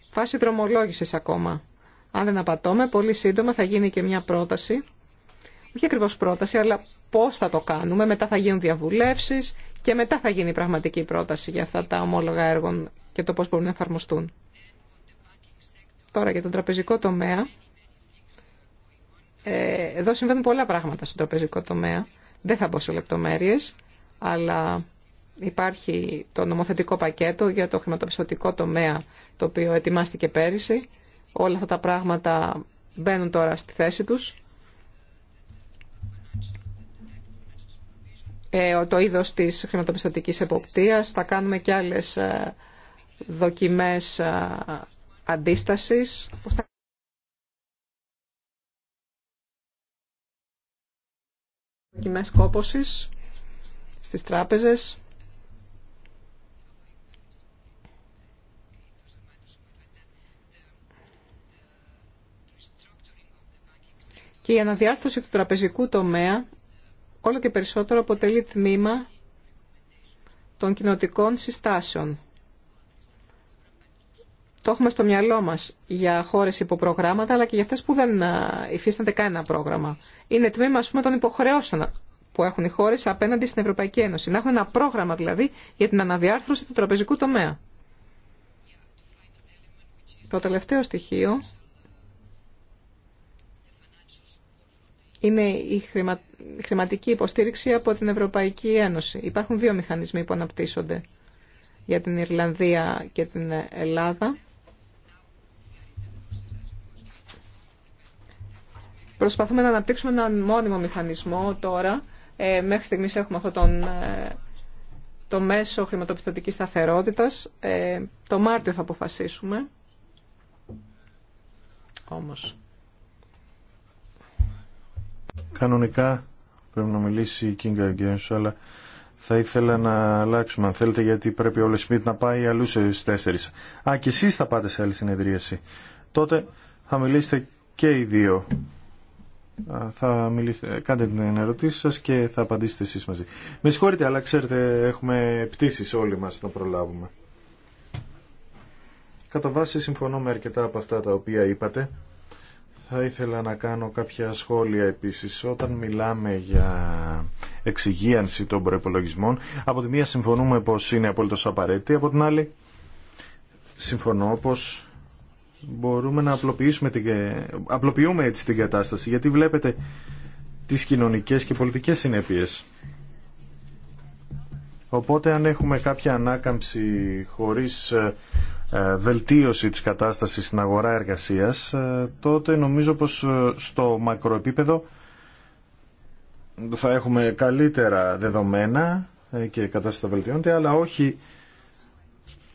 φάση δρομολόγησης ακόμα. Αν δεν απατώμε, πολύ σύντομα θα γίνει και μια πρόταση όχι ακριβώ πρόταση, αλλά πώ θα το κάνουμε. Μετά θα γίνουν διαβουλευσει και μετά θα γίνει η πραγματική πρόταση για αυτά τα ομόλογα έργων και το πώ μπορούν να εφαρμοστούν. Τώρα για τον τραπεζικό τομέα. Ε, εδώ συμβαίνουν πολλά πράγματα στον τραπεζικό τομέα. Δεν θα μπω σε λεπτομέρειες, αλλά υπάρχει το νομοθετικό πακέτο για το χρηματοπιστωτικό τομέα, το οποίο ετοιμάστηκε πέρυσι. Όλα αυτά τα πράγματα μπαίνουν τώρα στη θέση τους. Ε, το είδος της χρηματοπιστωτικής εποπτείας. Θα κάνουμε και άλλες ε, δοκιμές ε, αντίστασης. Δοκιμές κόπωσης στις τράπεζες. Και η αναδιάρθρωση του τραπεζικού τομέα όλο και περισσότερο αποτελεί τμήμα των κοινοτικών συστάσεων. Το έχουμε στο μυαλό μας για χώρες υποπρογράμματα, αλλά και για αυτές που δεν υφίστανται κανένα πρόγραμμα. Είναι τμήμα, ας πούμε, των υποχρεώσεων που έχουν οι χώρες απέναντι στην Ευρωπαϊκή Ένωση. Να έχουν ένα πρόγραμμα, δηλαδή, για την αναδιάρθρωση του τραπεζικού τομέα. Το τελευταίο στοιχείο είναι η χρηματική υποστήριξη από την Ευρωπαϊκή Ένωση. Υπάρχουν δύο μηχανισμοί που αναπτύσσονται για την Ιρλανδία και την Ελλάδα. Προσπαθούμε να αναπτύξουμε έναν μόνιμο μηχανισμό τώρα. Ε, μέχρι στιγμής έχουμε αυτό τον, ε, το μέσο χρηματοπιστωτικής σταθερότητας. Ε, το Μάρτιο θα αποφασίσουμε. Όμως... Κανονικά πρέπει να μιλήσει η Κίνγκα Γκένσου, αλλά θα ήθελα να αλλάξουμε αν θέλετε γιατί πρέπει ο Λεσμίτ να πάει αλλού σε 4. Α, και εσεί θα πάτε σε άλλη συνεδρίαση. Τότε θα μιλήσετε και οι δύο. Θα μιλήσετε, κάντε την ερωτήση σας και θα απαντήσετε εσείς μαζί. Με συγχωρείτε, αλλά ξέρετε έχουμε πτήσεις όλοι μας να προλάβουμε. Κατά βάση συμφωνώ με αρκετά από αυτά τα οποία είπατε. Θα ήθελα να κάνω κάποια σχόλια επίσης. Όταν μιλάμε για εξυγίανση των προπολογισμών, από τη μία συμφωνούμε πως είναι απολύτως απαραίτητη, από την άλλη συμφωνώ πως μπορούμε να απλοποιήσουμε την... Ε, απλοποιούμε έτσι την κατάσταση, γιατί βλέπετε τις κοινωνικές και πολιτικές συνέπειες. Οπότε αν έχουμε κάποια ανάκαμψη χωρίς ε, ε, βελτίωση της κατάστασης στην αγορά εργασίας, ε, τότε νομίζω πως ε, στο μακροεπίπεδο θα έχουμε καλύτερα δεδομένα και η κατάσταση θα βελτιώνεται, αλλά όχι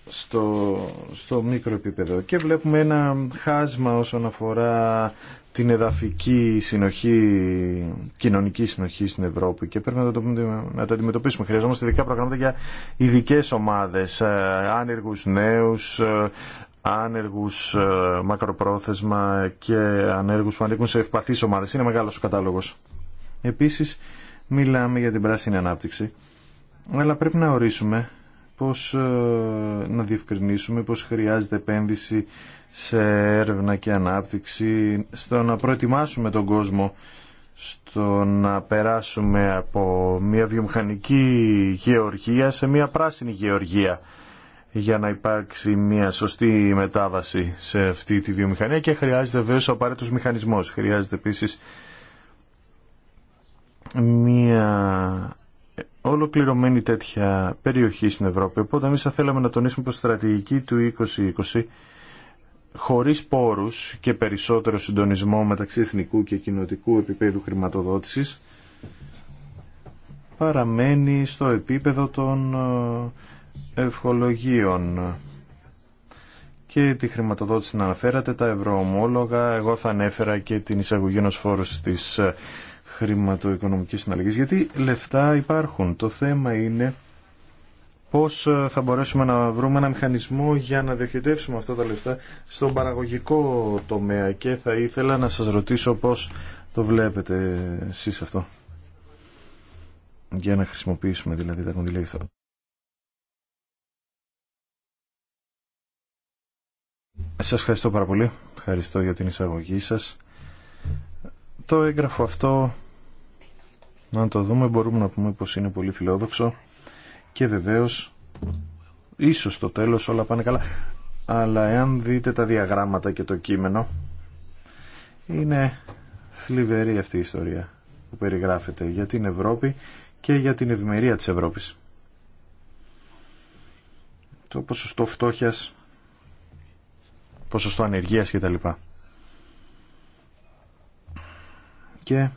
στο, στο μικροεπίπεδο. Και βλέπουμε ένα χάσμα όσον αφορά την εδαφική συνοχή, κοινωνική συνοχή στην Ευρώπη και πρέπει να, το, να τα αντιμετωπίσουμε. Χρειαζόμαστε ειδικά προγράμματα για ειδικέ ομάδες, ε, άνεργους νέου, ε, άνεργους ε, μακροπρόθεσμα και ανέργους που ανήκουν σε ευπαθεί ομάδε. Είναι μεγάλος ο κατάλογος. Επίσης, μιλάμε για την πράσινη ανάπτυξη, αλλά πρέπει να ορίσουμε πως ε, να διευκρινίσουμε πως χρειάζεται επένδυση σε έρευνα και ανάπτυξη, στο να προετοιμάσουμε τον κόσμο στο να περάσουμε από μια βιομηχανική γεωργία σε μια πράσινη γεωργία για να υπάρξει μια σωστή μετάβαση σε αυτή τη βιομηχανία και χρειάζεται βέβαια ο απαραίτητος μηχανισμός. Χρειάζεται επίσης μια ολοκληρωμένη τέτοια περιοχή στην Ευρώπη. Οπότε εμεί θα θέλαμε να τονίσουμε πως στρατηγική του 2020 χωρίς πόρους και περισσότερο συντονισμό μεταξύ εθνικού και κοινοτικού επίπεδου χρηματοδότησης παραμένει στο επίπεδο των ε, ευχολογίων και τη χρηματοδότηση να αναφέρατε, τα ευρωομόλογα, εγώ θα ανέφερα και την εισαγωγή ενός φόρου στις ε, χρηματοοικονομικής συναλλαγής γιατί λεφτά υπάρχουν. Το θέμα είναι πώς ε, θα μπορέσουμε να βρούμε ένα μηχανισμό για να διοχετεύσουμε αυτά τα λεφτά στον παραγωγικό τομέα και θα ήθελα να σας ρωτήσω πώς το βλέπετε εσείς αυτό. Για να χρησιμοποιήσουμε δηλαδή τα κονδυλία Σας ευχαριστώ πάρα πολύ. Ευχαριστώ για την εισαγωγή σας. Το έγγραφο αυτό να το δούμε μπορούμε να πούμε πως είναι πολύ φιλόδοξο και βεβαίως ίσως στο τέλος όλα πάνε καλά αλλά εάν δείτε τα διαγράμματα και το κείμενο είναι θλιβερή αυτή η ιστορία που περιγράφεται για την Ευρώπη και για την ευημερία της Ευρώπης. Το ποσοστό φτώχειας, ποσοστό ανεργίας κτλ. Και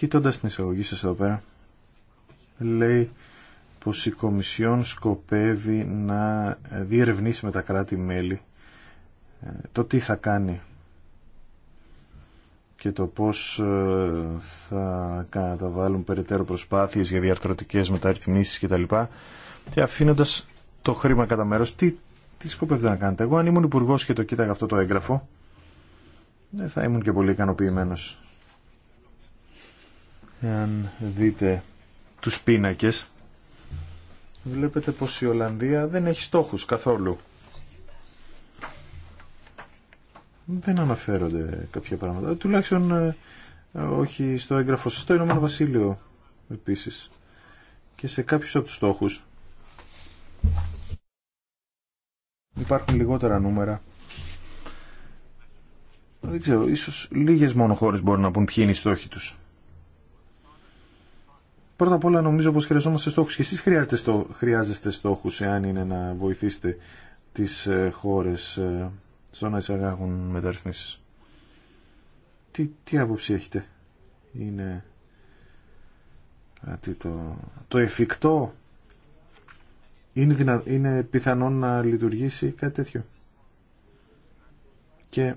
Κοιτώντας την εισαγωγή σας εδώ πέρα, λέει πως η Κομισιόν σκοπεύει να διερευνήσει με τα κράτη-μέλη ε, το τι θα κάνει και το πώς ε, θα καταβάλουν περαιτέρω προσπάθειες για διαρθρωτικές μεταρρυθμίσεις κτλ. Και αφήνοντας το χρήμα κατά μέρος, τι, τι σκοπεύετε να κάνετε. Εγώ αν ήμουν υπουργό και το κοίταγα αυτό το έγγραφο, δεν θα ήμουν και πολύ ικανοποιημένο. Εάν δείτε τους πίνακες, βλέπετε πως η Ολλανδία δεν έχει στόχους καθόλου. Δεν αναφέρονται κάποια πράγματα. Τουλάχιστον ε, όχι στο έγγραφο στο Ηνωμένο Βασίλειο επίσης. Και σε κάποιους από τους στόχους υπάρχουν λιγότερα νούμερα. Δεν ξέρω, ίσως λίγες μόνο χώρες μπορούν να πούν ποιοι είναι οι στόχοι τους. Πρώτα απ' όλα νομίζω πως χρειαζόμαστε στόχους και εσείς χρειάζεστε, στό, χρειάζεστε στόχους εάν είναι να βοηθήσετε τις ε, χώρες ε, στο να εισαγάγουν μεταρρυθμίσεις. Τι, τι άποψη έχετε. Είναι τι, το, το εφικτό. Είναι, δυνα, είναι να λειτουργήσει κάτι τέτοιο. Και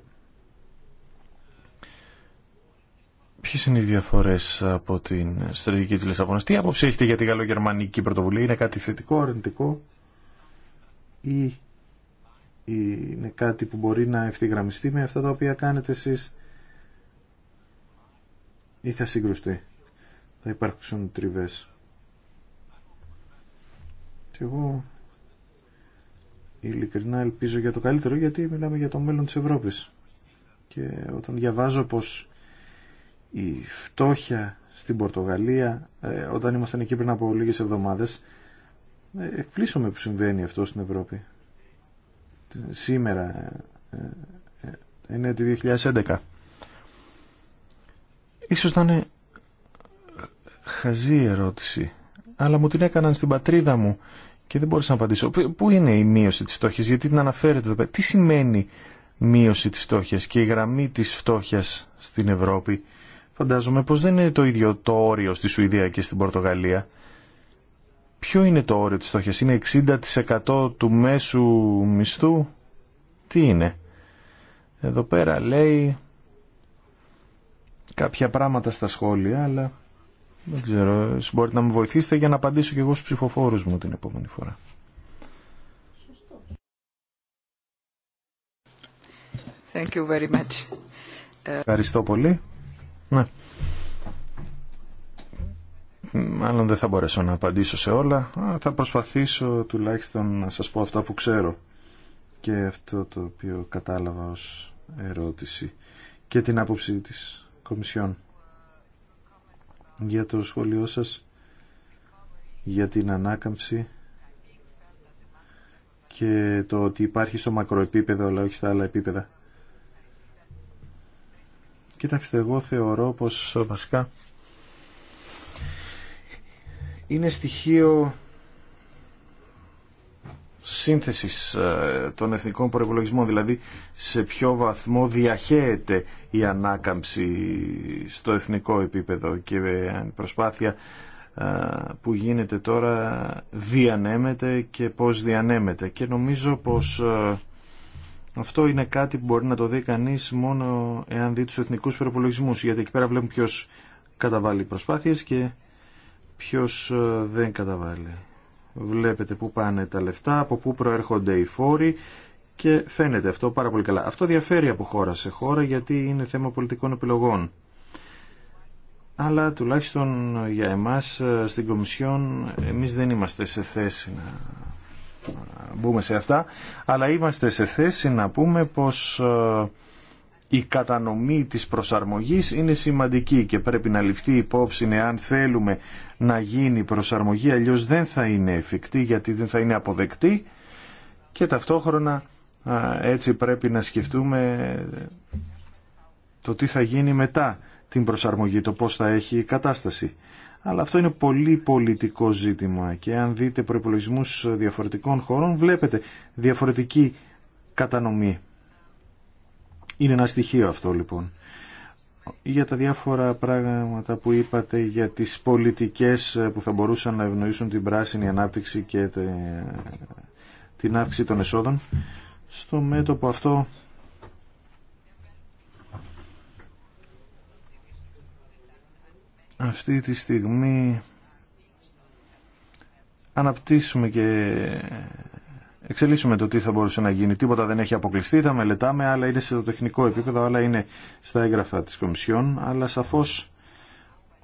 Ποιε είναι οι διαφορέ από την στρατηγική τη Λισαβόνα, τι άποψη έχετε για τη γαλλογερμανική πρωτοβουλία, είναι κάτι θετικό, αρνητικό ή, είναι κάτι που μπορεί να ευθυγραμμιστεί με αυτά τα οποία κάνετε εσεί ή θα συγκρουστεί. Θα υπάρξουν τριβέ. Και εγώ ειλικρινά ελπίζω για το καλύτερο γιατί μιλάμε για το μέλλον της Ευρώπης. Και όταν διαβάζω πως η φτώχεια στην Πορτογαλία ε, όταν ήμασταν εκεί πριν από λίγες εβδομάδες ε, εκπλήσωμε που συμβαίνει αυτό στην Ευρώπη σήμερα ε, είναι τη 2011 Ίσως να είναι χαζή ερώτηση αλλά μου την έκαναν στην πατρίδα μου και δεν μπορούσα να απαντήσω. Πού είναι η μείωση της φτώχειας, γιατί την αναφέρετε εδώ Τι σημαίνει μείωση της φτώχειας και η γραμμή της φτώχειας στην Ευρώπη Φαντάζομαι πως δεν είναι το ίδιο το όριο στη Σουηδία και στην Πορτογαλία. Ποιο είναι το όριο της στόχιας, είναι 60% του μέσου μισθού, τι είναι. Εδώ πέρα λέει κάποια πράγματα στα σχόλια, αλλά δεν ξέρω, μπορείτε να μου βοηθήσετε για να απαντήσω και εγώ στους ψηφοφόρους μου την επόμενη φορά. Thank you very much. Ε, Ευχαριστώ πολύ. Ναι. Μάλλον δεν θα μπορέσω να απαντήσω σε όλα. Θα προσπαθήσω τουλάχιστον να σας πω αυτά που ξέρω και αυτό το οποίο κατάλαβα ως ερώτηση και την άποψη της Κομισιόν για το σχόλιο σας για την ανάκαμψη και το ότι υπάρχει στο μακροεπίπεδο αλλά όχι στα άλλα επίπεδα. Κοιτάξτε, εγώ θεωρώ πως βασικά είναι στοιχείο σύνθεσης ε, των εθνικών προϋπολογισμών, δηλαδή σε ποιο βαθμό διαχέεται η ανάκαμψη στο εθνικό επίπεδο και η προσπάθεια ε, που γίνεται τώρα διανέμεται και πώς διανέμεται. Και νομίζω πως ε, αυτό είναι κάτι που μπορεί να το δει κανεί μόνο εάν δει του εθνικού προπολογισμού. Γιατί εκεί πέρα βλέπουμε ποιο καταβάλει προσπάθειε και ποιο ε, δεν καταβάλει. Βλέπετε πού πάνε τα λεφτά, από πού προέρχονται οι φόροι και φαίνεται αυτό πάρα πολύ καλά. Αυτό διαφέρει από χώρα σε χώρα γιατί είναι θέμα πολιτικών επιλογών. Αλλά τουλάχιστον για εμάς ε, στην Κομισιόν εμείς δεν είμαστε σε θέση να μπούμε σε αυτά, αλλά είμαστε σε θέση να πούμε πως ε, η κατανομή της προσαρμογής είναι σημαντική και πρέπει να ληφθεί υπόψη αν θέλουμε να γίνει προσαρμογή, αλλιώς δεν θα είναι εφικτή γιατί δεν θα είναι αποδεκτή και ταυτόχρονα ε, έτσι πρέπει να σκεφτούμε το τι θα γίνει μετά την προσαρμογή, το πώς θα έχει η κατάσταση αλλά αυτό είναι πολύ πολιτικό ζήτημα και αν δείτε προπολογισμού διαφορετικών χωρών βλέπετε διαφορετική κατανομή. Είναι ένα στοιχείο αυτό λοιπόν. Για τα διάφορα πράγματα που είπατε για τις πολιτικές που θα μπορούσαν να ευνοήσουν την πράσινη ανάπτυξη και την αύξηση των εσόδων, στο μέτωπο αυτό αυτή τη στιγμή αναπτύσσουμε και εξελίσσουμε το τι θα μπορούσε να γίνει. Τίποτα δεν έχει αποκλειστεί, τα μελετάμε, άλλα είναι σε το τεχνικό επίπεδο, άλλα είναι στα έγγραφα της Κομισιόν, αλλά σαφώς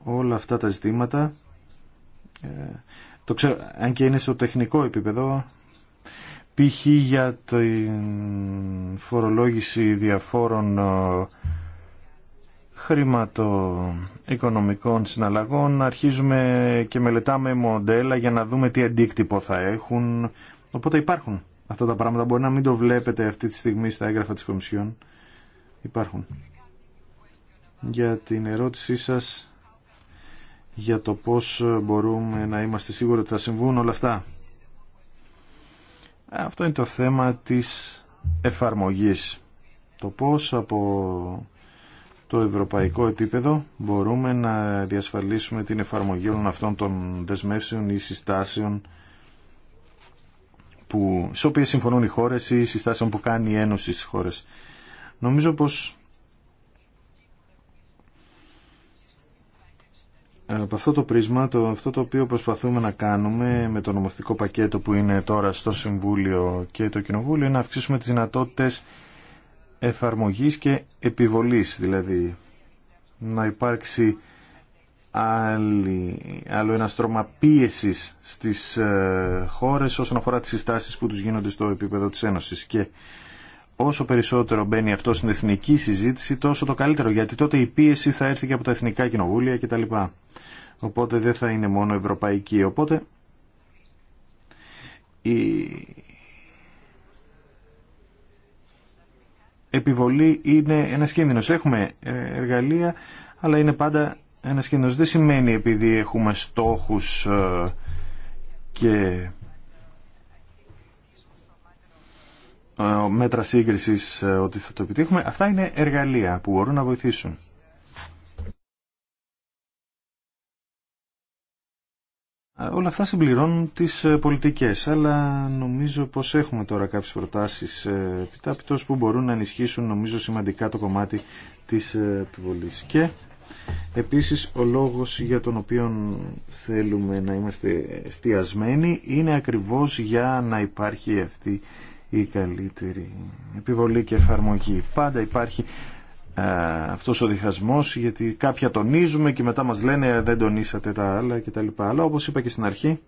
όλα αυτά τα ζητήματα, ε, το ξέρω, αν και είναι στο τεχνικό επίπεδο, π.χ. για την φορολόγηση διαφόρων ε, χρηματοοικονομικών συναλλαγών αρχίζουμε και μελετάμε μοντέλα για να δούμε τι αντίκτυπο θα έχουν. Οπότε υπάρχουν αυτά τα πράγματα. Μπορεί να μην το βλέπετε αυτή τη στιγμή στα έγγραφα της Κομισιόν. Υπάρχουν. Για την ερώτησή σας για το πώς μπορούμε να είμαστε σίγουροι ότι θα συμβούν όλα αυτά. Αυτό είναι το θέμα της εφαρμογής. Το πώς από το ευρωπαϊκό επίπεδο μπορούμε να διασφαλίσουμε την εφαρμογή όλων αυτών των δεσμεύσεων ή συστάσεων που, σοπιές συμφωνούν οι χώρες ή συστάσεων που κάνει η Ένωση στις χώρες. Νομίζω πως από αυτό το πρίσμα, το, αυτό το οποίο προσπαθούμε να κάνουμε με το νομοθετικό πακέτο που είναι τώρα στο Συμβούλιο και το Κοινοβούλιο είναι να αυξήσουμε τις δυνατότητες εφαρμογής και επιβολής, δηλαδή να υπάρξει άλλο ένα στρώμα πίεσης στις ε, χώρες όσον αφορά τις συστάσεις που τους γίνονται στο επίπεδο της Ένωσης και όσο περισσότερο μπαίνει αυτό στην εθνική συζήτηση τόσο το καλύτερο γιατί τότε η πίεση θα έρθει και από τα εθνικά κοινοβούλια κτλ. Οπότε δεν θα είναι μόνο ευρωπαϊκή. Οπότε η επιβολή είναι ένα κίνδυνο. Έχουμε ε, εργαλεία, αλλά είναι πάντα ένα κίνδυνο. Δεν σημαίνει επειδή έχουμε στόχους ε, και ε, μέτρα σύγκρισης ότι θα το επιτύχουμε. Αυτά είναι εργαλεία που μπορούν να βοηθήσουν. Όλα αυτά συμπληρώνουν τις ε, πολιτικές, αλλά νομίζω πως έχουμε τώρα κάποιες προτάσεις ε, επιτάπητος που μπορούν να ενισχύσουν νομίζω σημαντικά το κομμάτι της ε, επιβολής. Και επίσης ο λόγος για τον οποίο θέλουμε να είμαστε εστιασμένοι είναι ακριβώς για να υπάρχει αυτή η καλύτερη επιβολή και εφαρμογή. Πάντα υπάρχει ε, αυτός ο διχασμός γιατί κάποια τονίζουμε και μετά μας λένε «Ε, δεν τονίσατε τα άλλα κτλ. Αλλά όπως είπα και στην αρχή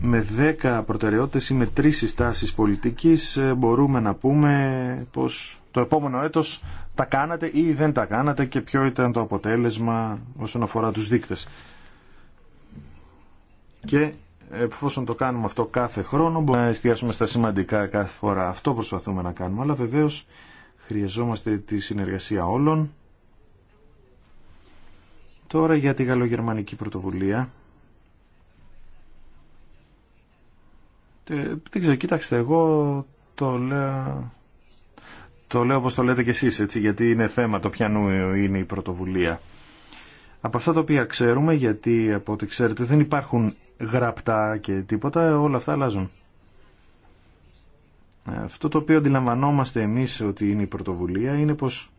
με 10 προτεραιότητες ή με 3 συστάσεις πολιτικής ε, μπορούμε να πούμε πως το επόμενο έτος τα κάνατε ή δεν τα κάνατε και ποιο ήταν το αποτέλεσμα όσον αφορά τους δείκτες. Και εφόσον το κάνουμε αυτό κάθε χρόνο μπορούμε να εστιάσουμε στα σημαντικά κάθε φορά. Αυτό προσπαθούμε να κάνουμε αλλά βεβαίως Χρειαζόμαστε τη συνεργασία όλων. Τώρα για τη γαλλογερμανική πρωτοβουλία. Ε, δεν ξέρω, κοίταξτε, εγώ το λέω... Το λέω όπως το λέτε κι εσείς, έτσι, γιατί είναι θέμα το πιανού είναι η πρωτοβουλία. Από αυτά τα οποία ξέρουμε, γιατί από ό,τι ξέρετε δεν υπάρχουν γραπτά και τίποτα, όλα αυτά αλλάζουν. Αυτό το οποίο αντιλαμβανόμαστε εμείς ότι είναι η πρωτοβουλία είναι πως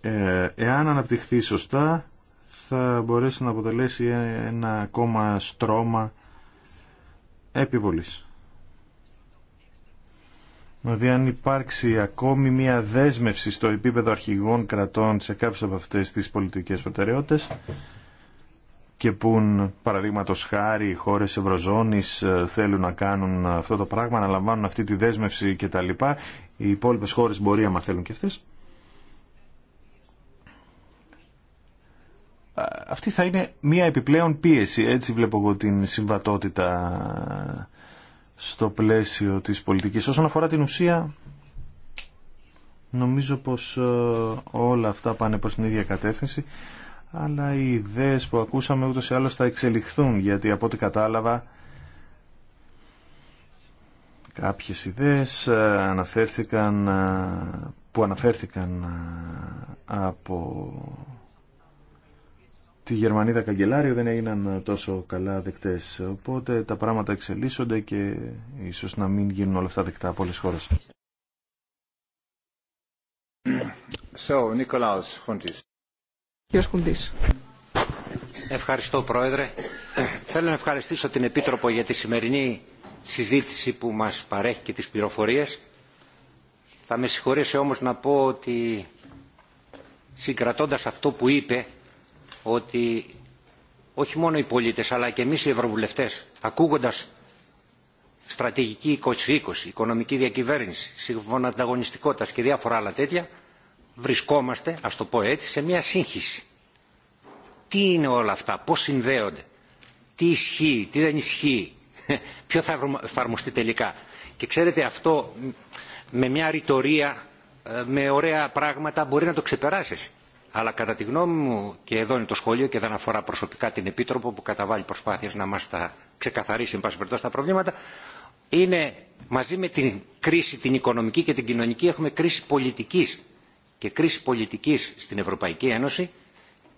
ε, εάν αναπτυχθεί σωστά θα μπορέσει να αποτελέσει ένα ακόμα στρώμα επιβολής. Δηλαδή αν υπάρξει ακόμη μια δέσμευση στο επίπεδο αρχηγών κρατών σε κάποιες από αυτές τις πολιτικές προτεραιότητες και πούν παραδείγματο χάρη οι χώρε Ευρωζώνη ε, θέλουν να κάνουν αυτό το πράγμα, να λαμβάνουν αυτή τη δέσμευση κτλ. Οι υπόλοιπε χώρε μπορεί άμα θέλουν και αυτέ. Αυτή θα είναι μια επιπλέον πίεση. Έτσι βλέπω εγώ την συμβατότητα ε, στο πλαίσιο της πολιτικής. Όσον αφορά την ουσία, νομίζω πως ε, όλα αυτά πάνε προς την ίδια κατεύθυνση αλλά οι ιδέες που ακούσαμε ούτως ή άλλως θα εξελιχθούν, γιατί από ό,τι κατάλαβα κάποιες ιδέες ε, αναφέρθηκαν, ε, που αναφέρθηκαν ε, από τη Γερμανίδα Καγκελάριο δεν έγιναν τόσο καλά δεκτές. Οπότε τα πράγματα εξελίσσονται και ίσως να μην γίνουν όλα αυτά δεκτά από όλες τις χώρες. So, Ευχαριστώ Πρόεδρε. Θέλω να ευχαριστήσω την Επίτροπο για τη σημερινή συζήτηση που μας παρέχει και τις πληροφορίες. Θα με συγχωρέσει όμως να πω ότι συγκρατώντας αυτό που είπε ότι όχι μόνο οι πολίτες αλλά και εμείς οι ευρωβουλευτές ακούγοντας στρατηγική 2020, οικονομική διακυβέρνηση, συμφωνανταγωνιστικότητα και διάφορα άλλα τέτοια βρισκόμαστε, ας το πω έτσι, σε μια σύγχυση. Τι είναι όλα αυτά, πώς συνδέονται, τι ισχύει, τι δεν ισχύει, ποιο θα εφαρμοστεί τελικά. Και ξέρετε αυτό με μια ρητορία, ε, με ωραία πράγματα μπορεί να το ξεπεράσεις. Αλλά κατά τη γνώμη μου, και εδώ είναι το σχόλιο και δεν αφορά προσωπικά την Επίτροπο που καταβάλει προσπάθειες να μας τα ξεκαθαρίσει, εν πάση περιπτώσει, τα προβλήματα, είναι μαζί με την κρίση την οικονομική και την κοινωνική έχουμε κρίση πολιτικής και κρίση πολιτικής στην Ευρωπαϊκή Ένωση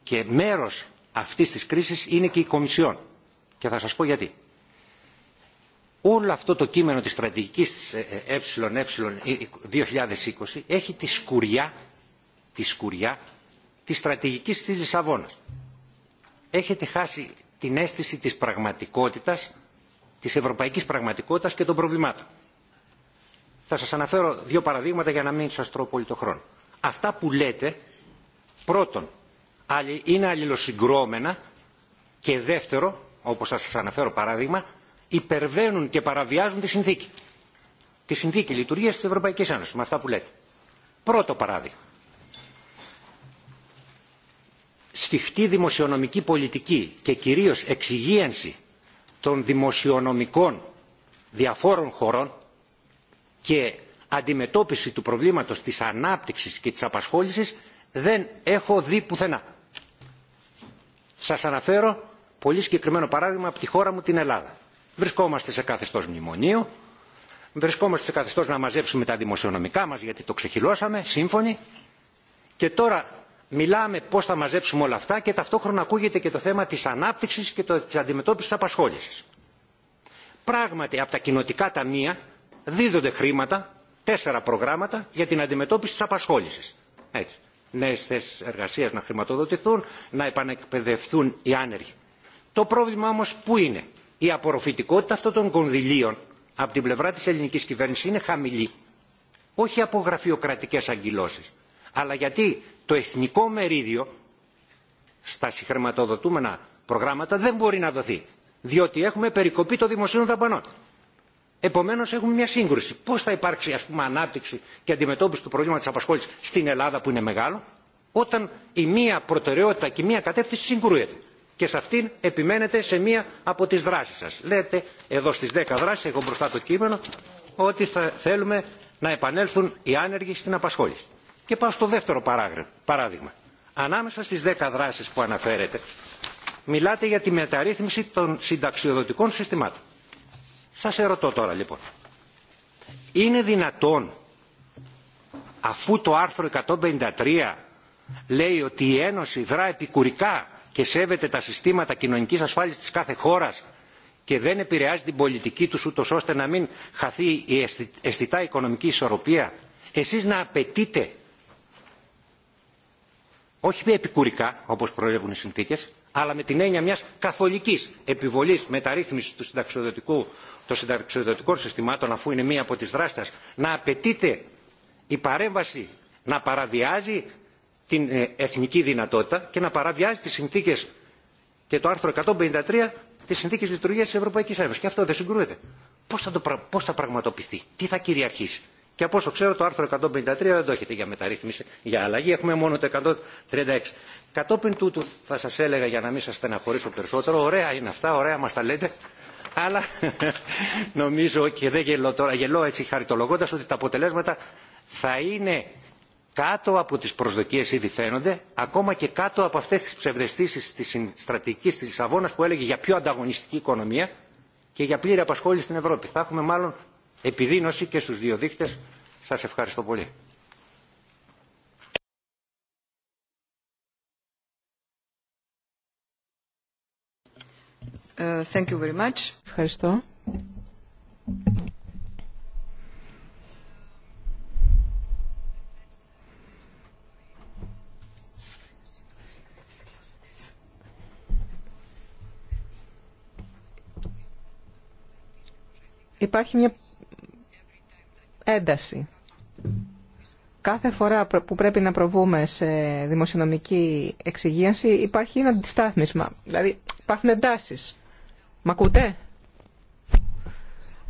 και μέρος αυτής της κρίσης είναι και η Κομισιόν. Και θα σας πω γιατί. Όλο αυτό το κείμενο της στρατηγικής ε 2020 ε, ε, ε, έχει τη σκουριά, τη σκουριά της στρατηγικής της Λισαβόνας. Έχετε χάσει την αίσθηση της πραγματικότητας, της ευρωπαϊκής πραγματικότητας και των προβλημάτων. Θα σας αναφέρω δύο παραδείγματα για να μην σας τρώω πολύ το χρόνο αυτά που λέτε πρώτον είναι αλληλοσυγκρόμενα και δεύτερο, όπως θα σας αναφέρω παράδειγμα, υπερβαίνουν και παραβιάζουν τη συνθήκη. Τη συνθήκη λειτουργίας της Ευρωπαϊκής Ένωσης, με αυτά που λέτε. Πρώτο παράδειγμα. Σφιχτή δημοσιονομική πολιτική και κυρίως εξυγίανση των δημοσιονομικών διαφόρων χωρών και αντιμετώπιση του προβλήματος της ανάπτυξης και της απασχόλησης δεν έχω δει πουθενά. Σας αναφέρω πολύ συγκεκριμένο παράδειγμα από τη χώρα μου την Ελλάδα. Βρισκόμαστε σε καθεστώς μνημονίου, βρισκόμαστε σε καθεστώς να μαζέψουμε τα δημοσιονομικά μας γιατί το ξεχυλώσαμε, σύμφωνοι, και τώρα μιλάμε πώς θα μαζέψουμε όλα αυτά και ταυτόχρονα ακούγεται και το θέμα της ανάπτυξης και της αντιμετώπιση της απασχόλησης. Πράγματι, από τα κοινοτικά ταμεία δίδονται χρήματα τέσσερα προγράμματα για την αντιμετώπιση τη απασχόληση. Έτσι. Νέε θέσει εργασία να χρηματοδοτηθούν, να επανεκπαιδευτούν οι άνεργοι. Το πρόβλημα όμω πού είναι. Η απορροφητικότητα αυτών των κονδυλίων από την πλευρά τη ελληνική κυβέρνηση είναι χαμηλή. Όχι από γραφειοκρατικέ αγκυλώσει, αλλά γιατί το εθνικό μερίδιο στα συγχρηματοδοτούμενα προγράμματα δεν μπορεί να δοθεί. Διότι έχουμε περικοπή των δημοσίων δαπανών. Επομένω, έχουμε μια σύγκρουση. Πώ θα υπάρξει ας πούμε ανάπτυξη και αντιμετώπιση του προβλήματος τη απασχόληση στην Ελλάδα που είναι μεγάλο όταν η μία προτεραιότητα και η μία κατεύθυνση συγκρούεται. Και σε αυτήν επιμένετε σε μία από τι δράσει σα. Λέτε εδώ στι 10 δράσει, έχω μπροστά το κείμενο, ότι θα θέλουμε να επανέλθουν οι άνεργοι στην απασχόληση. Και πάω στο δεύτερο παράδειγμα. Ανάμεσα στι 10 δράσει που αναφέρετε, μιλάτε για τη μεταρρύθμιση των συνταξιοδοτικών συστημάτων. Σας ερωτώ τώρα λοιπόν. Είναι δυνατόν αφού το άρθρο 153 λέει ότι η Ένωση δρά επικουρικά και σέβεται τα συστήματα κοινωνικής ασφάλισης της κάθε χώρας και δεν επηρεάζει την πολιτική τους ούτως ώστε να μην χαθεί η αισθητά οικονομική ισορροπία εσείς να απαιτείτε όχι επικουρικά όπως προέβουν οι συνθήκες αλλά με την έννοια μιας καθολικής επιβολής μεταρρύθμισης του συνταξιοδοτικού των συνταξιδοτικών συστημάτων αφού είναι μία από τις δράσεις να απαιτείται η παρέμβαση να παραβιάζει την ε, εθνική δυνατότητα και να παραβιάζει τις συνθήκες και το άρθρο 153 τις συνθήκες λειτουργίας της Ευρωπαϊκής Ένωσης. Και αυτό δεν συγκρούεται. Πώς θα, το, πώς θα πραγματοποιηθεί, τι θα κυριαρχήσει. Και από όσο ξέρω το άρθρο 153 δεν το έχετε για μεταρρύθμιση, για αλλαγή, έχουμε μόνο το 136. Κατόπιν τούτου θα σας έλεγα για να μην σας στεναχωρήσω περισσότερο, ωραία είναι αυτά, ωραία μας τα λέτε, αλλά νομίζω και δεν γελώ τώρα, γελώ έτσι χαριτολογώντας ότι τα αποτελέσματα θα είναι κάτω από τις προσδοκίες ήδη φαίνονται, ακόμα και κάτω από αυτές τις ψευδεστήσεις της στρατηγικής της Λισαβόνας που έλεγε για πιο ανταγωνιστική οικονομία και για πλήρη απασχόληση στην Ευρώπη. Θα έχουμε μάλλον επιδείνωση και στους δύο δείχτες. Σας ευχαριστώ πολύ. Ευχαριστώ. Υπάρχει μια ένταση. Κάθε φορά που πρέπει να προβούμε σε δημοσιονομική εξυγίανση υπάρχει ένα αντιστάθμισμα. Δηλαδή υπάρχουν εντάσεις. Μ'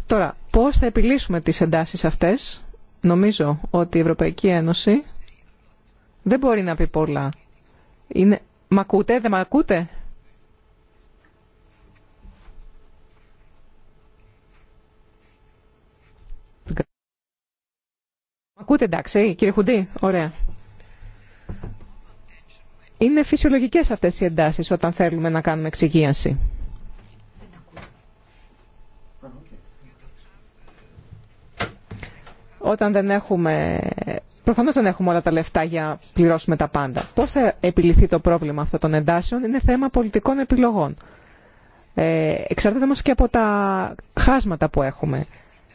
Τώρα, πώς θα επιλύσουμε τις εντάσεις αυτές. Νομίζω ότι η Ευρωπαϊκή Ένωση δεν μπορεί να πει πολλά. Είναι... Μ' ακούτε, δεν μ' ακούτε. Μ' ακούτε εντάξει, ε, κύριε Χουντή, ωραία. Είναι φυσιολογικές αυτές οι εντάσεις όταν θέλουμε να κάνουμε εξυγίανση. όταν δεν έχουμε... Προφανώς δεν έχουμε όλα τα λεφτά για να πληρώσουμε τα πάντα. Πώς θα επιληθεί το πρόβλημα αυτό των εντάσεων είναι θέμα πολιτικών επιλογών. Ε, εξαρτάται όμως και από τα χάσματα που έχουμε.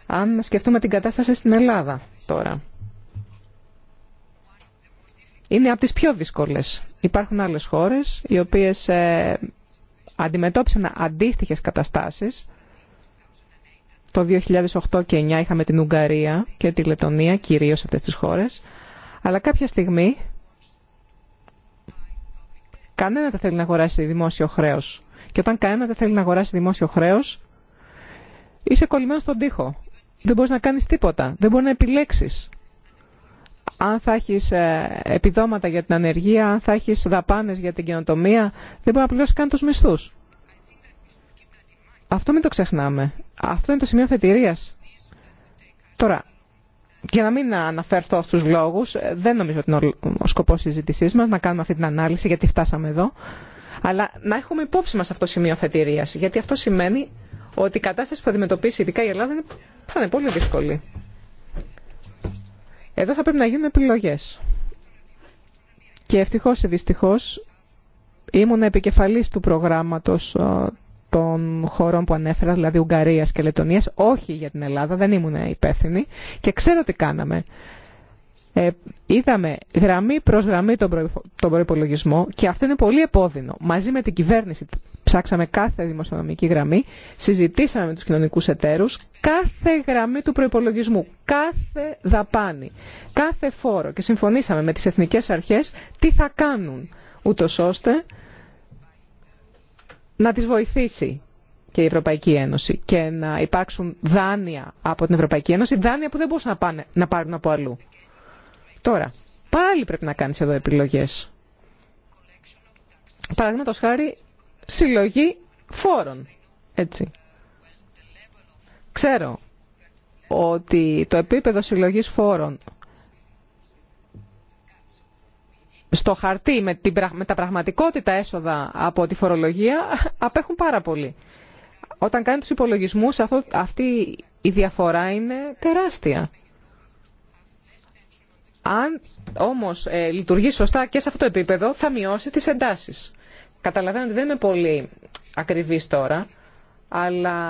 Αν σκεφτούμε την κατάσταση στην Ελλάδα τώρα. Είναι από τις πιο δύσκολες. Υπάρχουν άλλες χώρες οι οποίες ε, αντιμετώπισαν αντίστοιχες καταστάσεις το 2008 και 2009 είχαμε την Ουγγαρία και τη Λετωνία, κυρίως αυτές τις χώρες. Αλλά κάποια στιγμή κανένας δεν θέλει να αγοράσει δημόσιο χρέος. Και όταν κανένας δεν θέλει να αγοράσει δημόσιο χρέος, είσαι κολλημένος στον τοίχο. Δεν μπορείς να κάνεις τίποτα. Δεν μπορείς να επιλέξεις αν θα έχει ε, επιδόματα για την ανεργία, αν θα έχει δαπάνε για την καινοτομία, δεν μπορεί να πληρώσει καν του μισθού. Αυτό μην το ξεχνάμε. Αυτό είναι το σημείο αφετηρίας. Τώρα, για να μην αναφερθώ στους λόγους, ε, δεν νομίζω ότι είναι ο σκοπός της συζήτησής να κάνουμε αυτή την ανάλυση γιατί φτάσαμε εδώ, αλλά να έχουμε υπόψη μας αυτό το σημείο αφετηρίας, γιατί αυτό σημαίνει ότι η κατάσταση που θα αντιμετωπίσει ειδικά η Ελλάδα θα είναι πολύ δύσκολη. Εδώ θα πρέπει να γίνουν επιλογές. Και ευτυχώς ή δυστυχώς ήμουν επικεφαλής του προγράμματος ε, των χωρών που ανέφερα, δηλαδή Ουγγαρία και Λετωνία, όχι για την Ελλάδα, δεν ήμουν υπεύθυνη και ξέρω τι κάναμε. Ε, είδαμε γραμμή προ γραμμή τον προϋπολογισμό και αυτό είναι πολύ επώδυνο. Μαζί με την κυβέρνηση ψάξαμε κάθε δημοσιονομική γραμμή, συζητήσαμε με τους κοινωνικούς εταίρους κάθε γραμμή του προϋπολογισμού, κάθε δαπάνη, κάθε φόρο και συμφωνήσαμε με τις εθνικές αρχές τι θα κάνουν ούτω ώστε να τις βοηθήσει και η Ευρωπαϊκή Ένωση και να υπάρξουν δάνεια από την Ευρωπαϊκή Ένωση, δάνεια που δεν μπορούσαν να, πάνε, να πάρουν από αλλού. Τώρα, πάλι πρέπει να κάνεις εδώ επιλογές. Παραδείγματο χάρη, συλλογή φόρων. Έτσι. Ξέρω ότι το επίπεδο συλλογής φόρων στο χαρτί με, την, τα πραγματικότητα έσοδα από τη φορολογία απέχουν πάρα πολύ. Όταν κάνει τους υπολογισμούς αυτό, αυτή η διαφορά είναι τεράστια. Αν όμως ε, λειτουργεί σωστά και σε αυτό το επίπεδο θα μειώσει τις εντάσεις. Καταλαβαίνω ότι δεν είμαι πολύ ακριβής τώρα, αλλά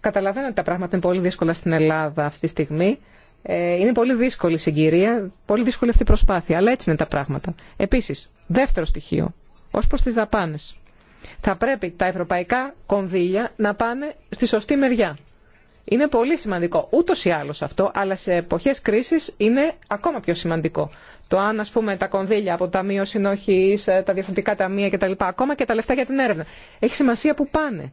καταλαβαίνω ότι τα πράγματα είναι πολύ δύσκολα στην Ελλάδα αυτή τη στιγμή ε, είναι πολύ δύσκολη η συγκυρία, πολύ δύσκολη αυτή η προσπάθεια, αλλά έτσι είναι τα πράγματα. Επίση, δεύτερο στοιχείο, ω προ τι δαπάνε, Θα πρέπει τα ευρωπαϊκά κονδύλια να πάνε στη σωστή μεριά. Είναι πολύ σημαντικό ούτω ή άλλω αυτό, αλλά σε εποχέ κρίση είναι ακόμα πιο σημαντικό. Το αν, α πούμε, τα κονδύλια από το Ταμείο Συνοχή, ε, τα διαφορετικά ταμεία κτλ., ακόμα και τα λεφτά για την έρευνα, έχει σημασία που πάνε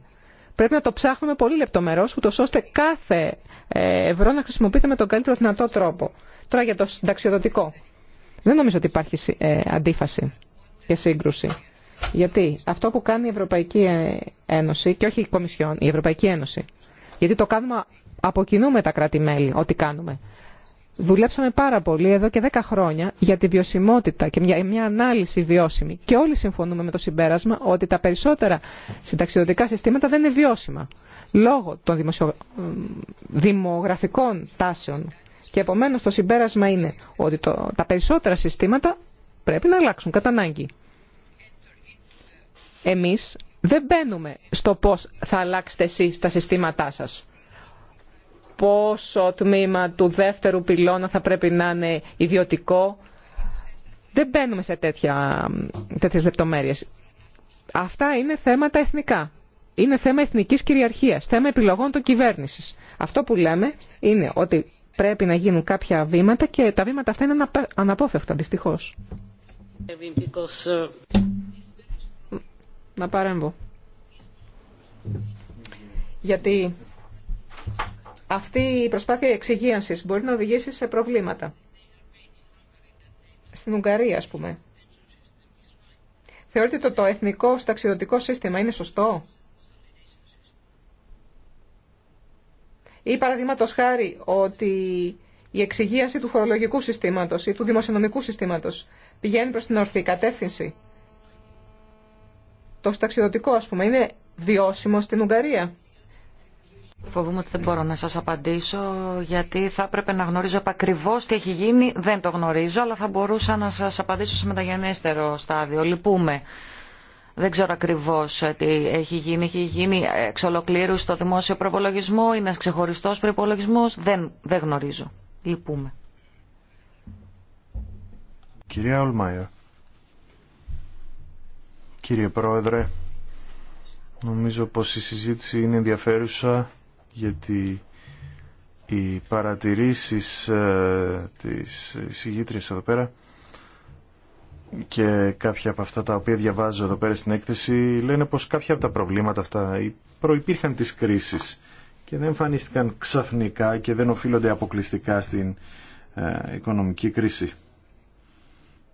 πρέπει να το ψάχνουμε πολύ λεπτομερώς, ούτω ώστε κάθε ε, ευρώ να χρησιμοποιείται με τον καλύτερο δυνατό τρόπο. Τώρα για το συνταξιοδοτικό. Δεν νομίζω ότι υπάρχει ε, αντίφαση και σύγκρουση. Γιατί αυτό που κάνει η Ευρωπαϊκή ε, Ένωση και όχι η Κομισιόν, η Ευρωπαϊκή Ένωση, γιατί το κάνουμε από κοινού με τα κράτη-μέλη, ό,τι κάνουμε. Δουλέψαμε πάρα πολύ εδώ και 10 χρόνια για τη βιωσιμότητα και μια, μια ανάλυση βιώσιμη. Και όλοι συμφωνούμε με το συμπέρασμα ότι τα περισσότερα συνταξιδοτικά συστήματα δεν είναι βιώσιμα λόγω των δημογραφικών τάσεων. Και επομένως το συμπέρασμα είναι ότι τα περισσότερα συστήματα πρέπει να αλλάξουν κατά ανάγκη. Εμείς δεν μπαίνουμε στο πώς θα αλλάξετε εσείς τα συστήματά σας πόσο τμήμα του δεύτερου πυλώνα θα πρέπει να είναι ιδιωτικό. Δεν μπαίνουμε σε τέτοια, τέτοιες λεπτομέρειες. Αυτά είναι θέματα εθνικά. Είναι θέμα εθνικής κυριαρχίας, θέμα επιλογών των κυβέρνησης. Αυτό που λέμε είναι ότι πρέπει να γίνουν κάποια βήματα και τα βήματα αυτά είναι αναπόφευκτα, δυστυχώς. Να παρέμβω. Γιατί αυτή η προσπάθεια εξυγίανσης μπορεί να οδηγήσει σε προβλήματα. Στην Ουγγαρία, ας πούμε. Θεωρείτε ότι το, το εθνικό σταξιδοτικό σύστημα είναι σωστό. Ή παραδείγματο χάρη ότι η εξυγίαση του φορολογικού συστήματος ή του δημοσιονομικού συστήματος πηγαίνει προς την ορθή κατεύθυνση. Το σταξιδοτικό, ας πούμε, είναι βιώσιμο στην Ουγγαρία. Φοβούμαι ότι δεν μπορώ να σας απαντήσω γιατί θα έπρεπε να γνωρίζω ακριβώς τι έχει γίνει. Δεν το γνωρίζω, αλλά θα μπορούσα να σας απαντήσω σε μεταγενέστερο στάδιο. Λυπούμε. Δεν ξέρω ακριβώ ε, τι έχει γίνει. Έχει γίνει εξ ολοκλήρου στο δημόσιο προπολογισμό, είναι ένα ξεχωριστό προπολογισμό. Δεν, δεν γνωρίζω. Λυπούμε. Κυρία Ολμάια. Κύριε Πρόεδρε, νομίζω πως η συζήτηση είναι ενδιαφέρουσα γιατί οι παρατηρήσεις ε, της εισηγήτριας εδώ πέρα και κάποια από αυτά τα οποία διαβάζω εδώ πέρα στην έκθεση λένε πως κάποια από τα προβλήματα αυτά προϋπήρχαν της κρίσεις και δεν εμφανίστηκαν ξαφνικά και δεν οφείλονται αποκλειστικά στην ε, οικονομική κρίση.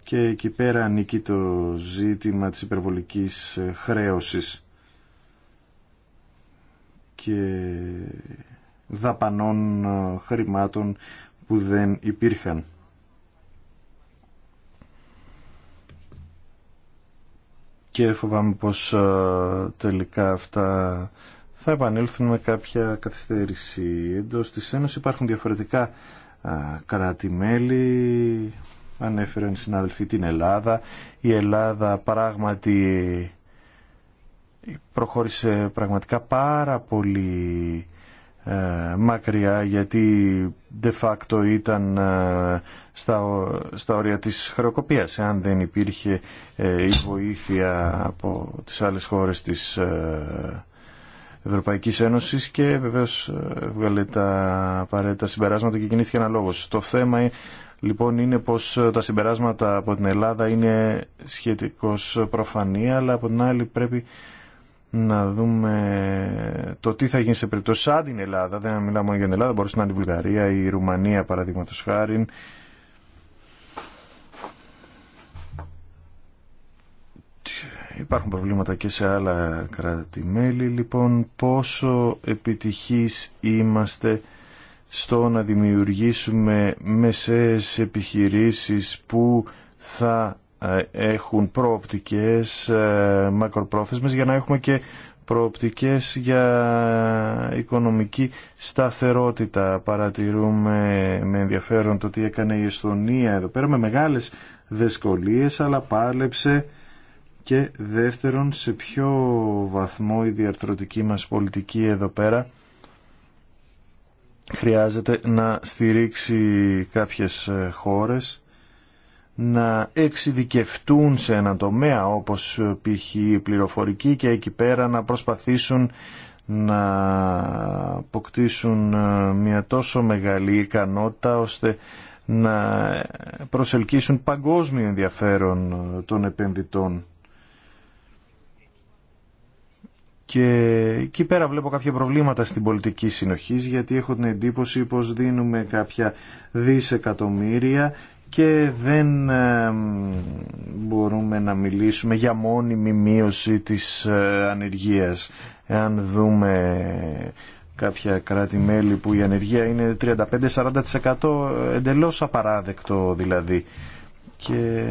Και εκεί πέρα ανήκει το ζήτημα της υπερβολικής ε, χρέωσης και δαπανών ε, χρημάτων που δεν υπήρχαν. Και φοβάμαι πως ε, τελικά αυτά θα επανέλθουν με κάποια καθυστέρηση. Εντός της Ένωσης υπάρχουν διαφορετικά ε, κράτη-μέλη, ανέφεραν οι συνάδελφοι την Ελλάδα. Η Ελλάδα πράγματι προχώρησε πραγματικά πάρα πολύ ε, μακριά γιατί de facto ήταν ε, στα, όρια της χρεοκοπίας αν δεν υπήρχε ε, η βοήθεια από τις άλλες χώρες της Ευρωπαϊκής Ένωσης και βεβαίως βγάλε τα απαραίτητα συμπεράσματα και κινήθηκε λόγος. Το θέμα λοιπόν είναι πως τα συμπεράσματα από την Ελλάδα είναι σχετικώς προφανή αλλά από την άλλη πρέπει να δούμε το τι θα γίνει σε περίπτωση σαν την Ελλάδα. Δεν μιλάμε μόνο για την Ελλάδα, μπορούσε να είναι η Βουλγαρία, η Ρουμανία παραδείγματο χάρη. Υπάρχουν προβλήματα και σε άλλα κράτη-μέλη. Λοιπόν, πόσο επιτυχείς είμαστε στο να δημιουργήσουμε μεσαίες επιχειρήσεις που θα ε, έχουν προοπτικές ε, μακροπρόθεσμες για να έχουμε και προοπτικές για οικονομική σταθερότητα. Παρατηρούμε με ενδιαφέρον το τι έκανε η Εστονία εδώ πέρα με μεγάλες δυσκολίες αλλά πάλεψε και δεύτερον σε ποιο βαθμό η διαρθρωτική μας πολιτική εδώ πέρα χρειάζεται να στηρίξει κάποιες ε, χώρες να εξειδικευτούν σε έναν τομέα όπως π.χ. η πληροφορική και εκεί πέρα να προσπαθήσουν να αποκτήσουν ε, μια τόσο μεγάλη ικανότητα ώστε να προσελκύσουν παγκόσμιο ενδιαφέρον ε, των επενδυτών. Και εκεί πέρα βλέπω κάποια προβλήματα στην πολιτική συνοχής γιατί έχω την εντύπωση πως δίνουμε κάποια δισεκατομμύρια και δεν μπορούμε να μιλήσουμε για μόνιμη μείωση της ε, ανεργίας. Εάν δούμε κάποια κράτη-μέλη που η ανεργία είναι 35-40% εντελώς απαράδεκτο δηλαδή. Και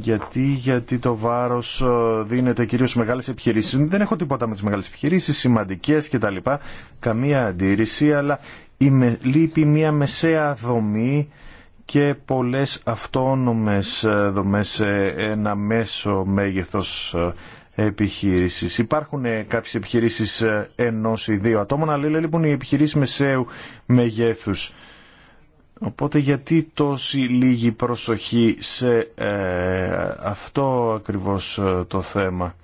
γιατί, γιατί το βάρος ε, δίνεται κυρίως μεγάλες επιχειρήσεις. Δεν έχω τίποτα με τις μεγάλες επιχειρήσεις, σημαντικές κτλ. Καμία αντίρρηση, αλλά η λείπει μια μεσαία δομή και πολλές αυτόνομες ε, δομές σε ένα μέσο μέγεθος ε, επιχείρησης. Υπάρχουν ε, κάποιες επιχειρήσεις ενός ή δύο ατόμων, αλλά λοιπόν οι επιχειρήσεις μεσαίου μεγέθους. Οπότε γιατί τόση λίγη προσοχή σε αυτό ακριβώς το θέμα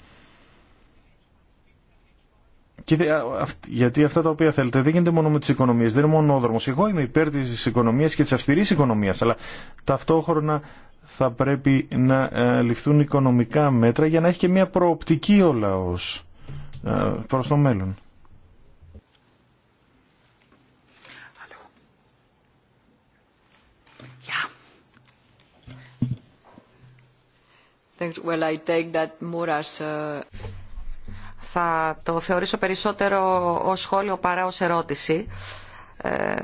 γιατί αυτά τα οποία θέλετε δεν γίνεται μόνο με τι οικονομίε, δεν είναι μόνο ο δρομο. Εγώ είμαι υπέρ τη οικονομία και τη αυστηρή οικονομία, αλλά ταυτόχρονα θα πρέπει να ε, ληφθούν οικονομικά μέτρα για να έχει και μια προοπτική ο λαό ε, προ το μέλλον. Well, I that θα το θεωρήσω περισσότερο ως σχόλιο παρά ως ερώτηση. Ε,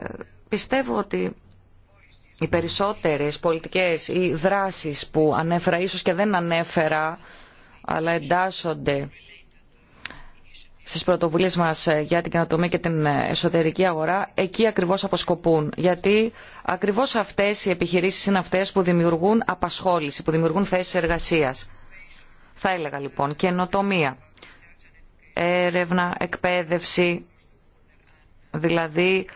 πιστεύω ότι οι περισσότερες πολιτικές ή δράσεις που ανέφερα, ίσως και δεν ανέφερα, αλλά εντάσσονται στις πρωτοβουλίες μας για την καινοτομία και την εσωτερική αγορά, εκεί ακριβώς αποσκοπούν. Γιατί ακριβώς αυτές οι επιχειρήσεις είναι αυτές που δημιουργούν απασχόληση, που δημιουργούν θέσεις εργασίας. Θα έλεγα λοιπόν καινοτομία έρευνα, εκπαίδευση, δηλαδή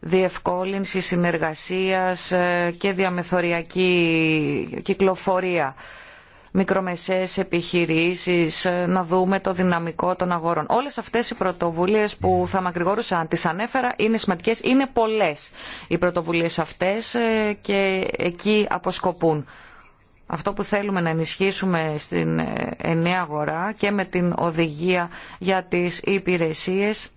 διευκόλυνση συνεργασίας ε, και διαμεθοριακή κυκλοφορία μικρομεσαίες επιχειρήσεις, ε, να δούμε το δυναμικό των αγορών. Όλες αυτές οι πρωτοβουλίες που θα αν τις ανέφερα, είναι σημαντικές, είναι πολλές οι πρωτοβουλίες αυτές ε, και εκεί αποσκοπούν αυτό που θέλουμε να ενισχύσουμε στην ε, ενιαία αγορά και με την οδηγία για τις υπηρεσίες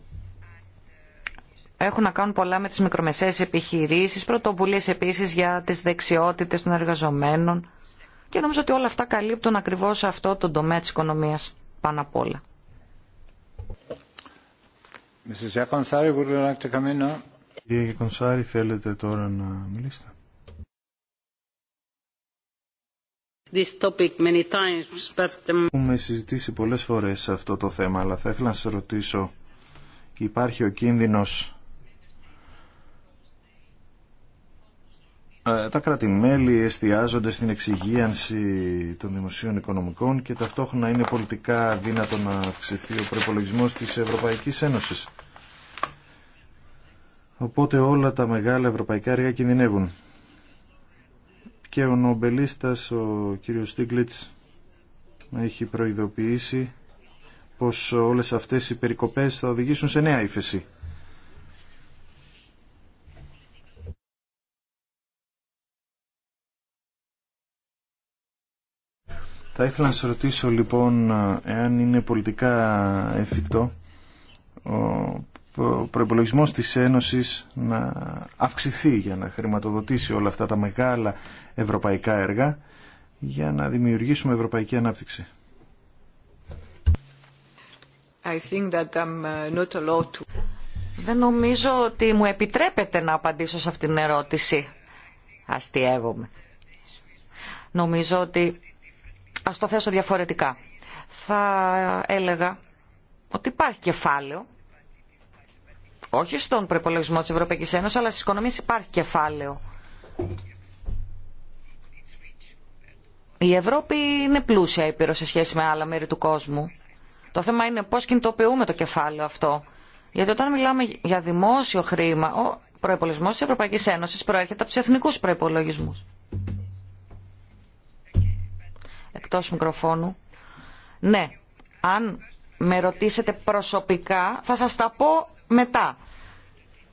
έχουν να κάνουν πολλά με τις μικρομεσαίες επιχειρήσεις, πρωτοβουλίες επίσης για τις δεξιότητες των εργαζομένων και νομίζω ότι όλα αυτά καλύπτουν ακριβώς αυτό το τομέα της οικονομίας πάνω απ' όλα. Κύριε θέλετε τώρα να μιλήσετε. Um, Έχουμε συζητήσει πολλές φορές αυτό το θέμα, αλλά θα ήθελα να σας ρωτήσω υπάρχει ο κίνδυνος ε, τα κράτη-μέλη εστιάζονται στην εξυγίανση των δημοσίων οικονομικών και ταυτόχρονα είναι πολιτικά δύνατο να αυξηθεί ο προπολογισμό της Ευρωπαϊκής Ένωσης. Οπότε όλα τα μεγάλα ευρωπαϊκά έργα κινδυνεύουν και ο νομπελίστας ο κύριος Στίγκλιτς έχει προειδοποιήσει πως όλες αυτές οι περικοπές θα οδηγήσουν σε νέα ύφεση. Θα ήθελα να σας ρωτήσω λοιπόν εάν είναι πολιτικά εφικτό ο προϋπολογισμός της Ένωσης να αυξηθεί για να χρηματοδοτήσει όλα αυτά τα μεγάλα ευρωπαϊκά έργα για να δημιουργήσουμε ευρωπαϊκή ανάπτυξη. I think that I'm uh, not to... Δεν νομίζω ότι μου επιτρέπεται να απαντήσω σε αυτήν την ερώτηση. Αστιεύομαι. Νομίζω ότι ας το θέσω διαφορετικά. Θα έλεγα ότι υπάρχει κεφάλαιο όχι στον προπολογισμό της Ευρωπαϊκής Ένωσης, αλλά στις οικονομίες υπάρχει κεφάλαιο. Η Ευρώπη είναι πλούσια ήπειρο σε σχέση με άλλα μέρη του κόσμου. Το θέμα είναι πώς κινητοποιούμε το κεφάλαιο αυτό. Γιατί όταν μιλάμε για δημόσιο χρήμα, ο προϋπολογισμός της Ευρωπαϊκής Ένωσης προέρχεται από τους εθνικούς προπολογισμού. Εκτός μικροφώνου. Ναι, αν με ρωτήσετε προσωπικά, θα σας τα πω μετά.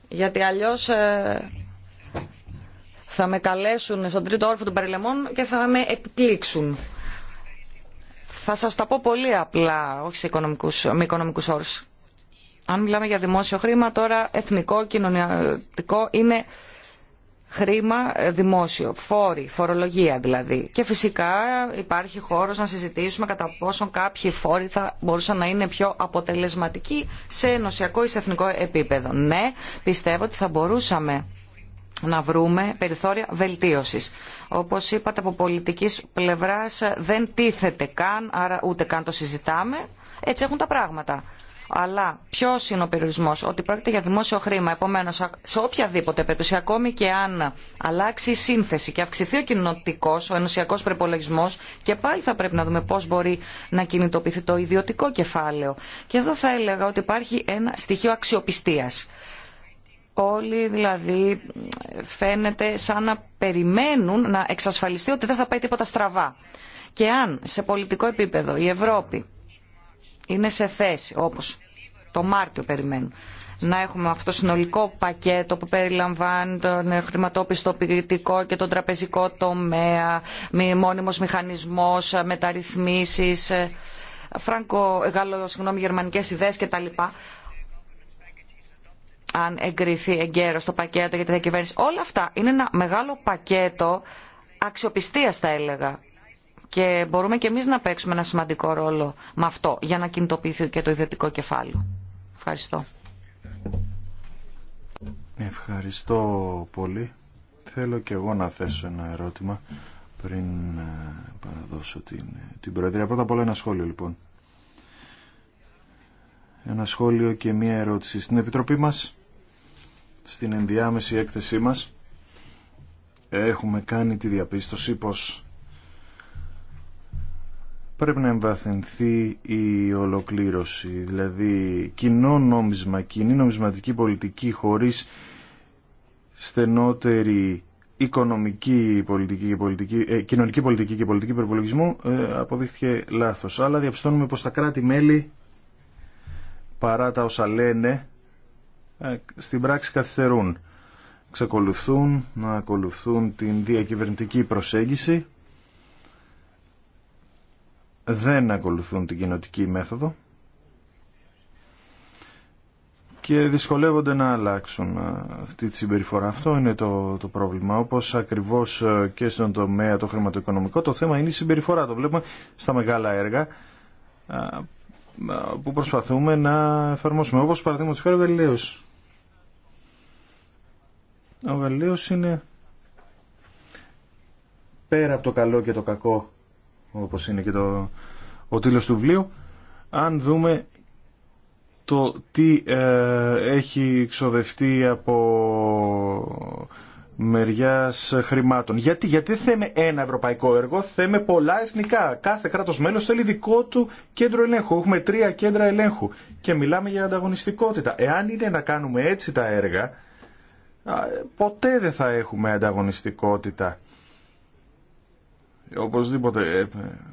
Γιατί αλλιώς ε, θα με καλέσουν στον τρίτο όρφο των Παρελεμών και θα με επιπλήξουν. Θα σας τα πω πολύ απλά, όχι σε οικονομικούς, με οικονομικούς όρους. Αν μιλάμε για δημόσιο χρήμα, τώρα εθνικό, κοινωνικό είναι χρήμα ε, δημόσιο, φόροι, φορολογία δηλαδή. Και φυσικά υπάρχει χώρος να συζητήσουμε κατά πόσον κάποιοι φόροι θα μπορούσαν να είναι πιο αποτελεσματικοί σε ενωσιακό ή σε εθνικό επίπεδο. Ναι, πιστεύω ότι θα μπορούσαμε να βρούμε περιθώρια βελτίωσης. Όπως είπατε από πολιτικής πλευράς δεν τίθεται καν, άρα ούτε καν το συζητάμε. Έτσι έχουν τα πράγματα. Αλλά ποιο είναι ο περιορισμό, ότι πρόκειται για δημόσιο χρήμα. Επομένω, σε οποιαδήποτε περίπτωση, ακόμη και αν αλλάξει η σύνθεση και αυξηθεί ο κοινοτικό, ο ενωσιακό προπολογισμό, και πάλι θα πρέπει να δούμε πώ μπορεί να κινητοποιηθεί το ιδιωτικό κεφάλαιο. Και εδώ θα έλεγα ότι υπάρχει ένα στοιχείο αξιοπιστία. Όλοι δηλαδή φαίνεται σαν να περιμένουν να εξασφαλιστεί ότι δεν θα πάει τίποτα στραβά. Και αν σε πολιτικό επίπεδο η Ευρώπη είναι σε θέση, όπως το Μάρτιο περιμένουν, να έχουμε αυτό το συνολικό πακέτο που περιλαμβάνει τον χρηματοπιστοποιητικό και τον τραπεζικό τομέα, μόνιμος μηχανισμός, μεταρρυθμίσεις, ε, φραγκο, γαλλο, συγγνώμη, γερμανικές ιδέες κτλ αν εγκριθεί εγκαίρως το πακέτο για τη διακυβέρνηση. Όλα αυτά είναι ένα μεγάλο πακέτο αξιοπιστίας θα έλεγα και μπορούμε και εμείς να παίξουμε ένα σημαντικό ρόλο με αυτό για να κινητοποιηθεί και το ιδιωτικό κεφάλαιο. Ευχαριστώ. Ευχαριστώ πολύ. Θέλω και εγώ να θέσω ένα ερώτημα πριν ε, παραδώσω την, την Προεδρία. Πρώτα απ' όλα ένα σχόλιο λοιπόν. Ένα σχόλιο και μία ερώτηση. Στην Επιτροπή μας, στην ενδιάμεση έκθεσή μας, έχουμε κάνει τη διαπίστωση πως πρέπει να εμβαθυνθεί η ολοκλήρωση. Δηλαδή κοινό νόμισμα, κοινή νομισματική πολιτική χωρίς στενότερη οικονομική πολιτική, πολιτική ε, κοινωνική πολιτική και πολιτική προπολογισμού ε, αποδείχθηκε λάθος. Αλλά διαπιστώνουμε πως τα κράτη-μέλη παρά τα όσα λένε ε, στην πράξη καθυστερούν. Ξεκολουθούν να ακολουθούν την διακυβερνητική προσέγγιση δεν ακολουθούν την κοινοτική μέθοδο και δυσκολεύονται να αλλάξουν ε, αυτή τη συμπεριφορά. Αυτό είναι το, το πρόβλημα. Όπως ακριβώς ε, και στον τομέα το χρηματοοικονομικό, το θέμα είναι η συμπεριφορά. Το βλέπουμε στα μεγάλα έργα ε, που προσπαθούμε να εφαρμόσουμε. Όπως παραδείγματος χάρη ο Γαλιλαίος. Ο Γαλιλαίος είναι πέρα από το καλό και το κακό όπως είναι και το, ο τίτλος του βιβλίου, αν δούμε το τι ε, έχει ξοδευτεί από μεριάς χρημάτων. Γιατί, γιατί θέμε ένα ευρωπαϊκό έργο, θέμε πολλά εθνικά. Κάθε κράτος μέλος θέλει δικό του κέντρο ελέγχου. Έχουμε τρία κέντρα ελέγχου και μιλάμε για ανταγωνιστικότητα. Εάν είναι να κάνουμε έτσι τα έργα, ποτέ δεν θα έχουμε ανταγωνιστικότητα Οπωσδήποτε ε,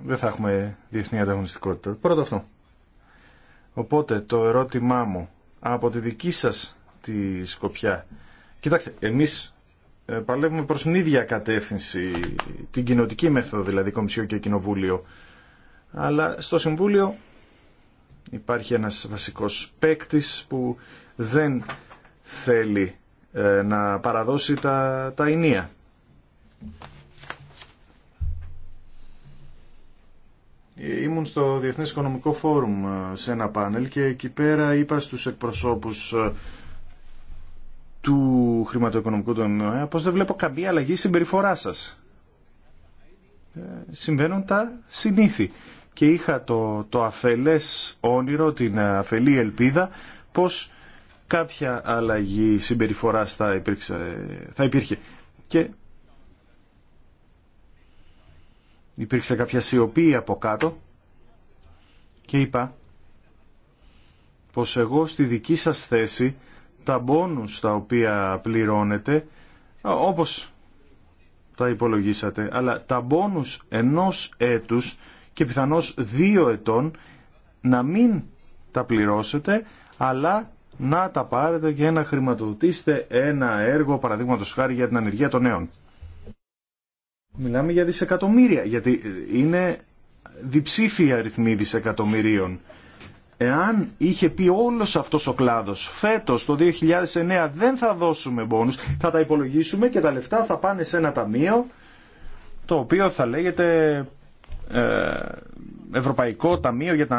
δεν θα έχουμε διεθνή ανταγωνιστικότητα. Πρώτο αυτό. Οπότε το ερώτημά μου από τη δική σας τη Σκοπιά. Κοιτάξτε, εμείς ε, παλεύουμε προς την ίδια κατεύθυνση, την κοινοτική μέθοδο δηλαδή, Κομισιό και Κοινοβούλιο. Αλλά στο Συμβούλιο υπάρχει ένας βασικός παίκτη που δεν θέλει ε, να παραδώσει τα, τα ενία. Ήμουν στο Διεθνές Οικονομικό Φόρουμ ε, σε ένα πάνελ και εκεί πέρα είπα στους εκπροσώπους ε, του χρηματοοικονομικού τομέα πως δεν βλέπω καμία αλλαγή συμπεριφορά σας. Ε, συμβαίνουν τα συνήθη. Και είχα το, το αφελές όνειρο, την αφελή ελπίδα πως κάποια αλλαγή συμπεριφοράς θα, θα υπήρχε. Και υπήρξε κάποια σιωπή από κάτω και είπα πως εγώ στη δική σας θέση τα μπόνους τα οποία πληρώνετε όπως τα υπολογίσατε αλλά τα μπόνους ενός έτους και πιθανώς δύο ετών να μην τα πληρώσετε αλλά να τα πάρετε και να χρηματοδοτήσετε ένα έργο παραδείγματος χάρη για την ανεργία των νέων. Μιλάμε για δισεκατομμύρια, γιατί είναι διψήφιοι αριθμοί δισεκατομμυρίων. Εάν είχε πει όλος αυτός ο κλάδος φέτος το 2009 δεν θα δώσουμε μπόνους, θα τα υπολογίσουμε και τα λεφτά θα πάνε σε ένα ταμείο το οποίο θα λέγεται ε, Ευρωπαϊκό Ταμείο για την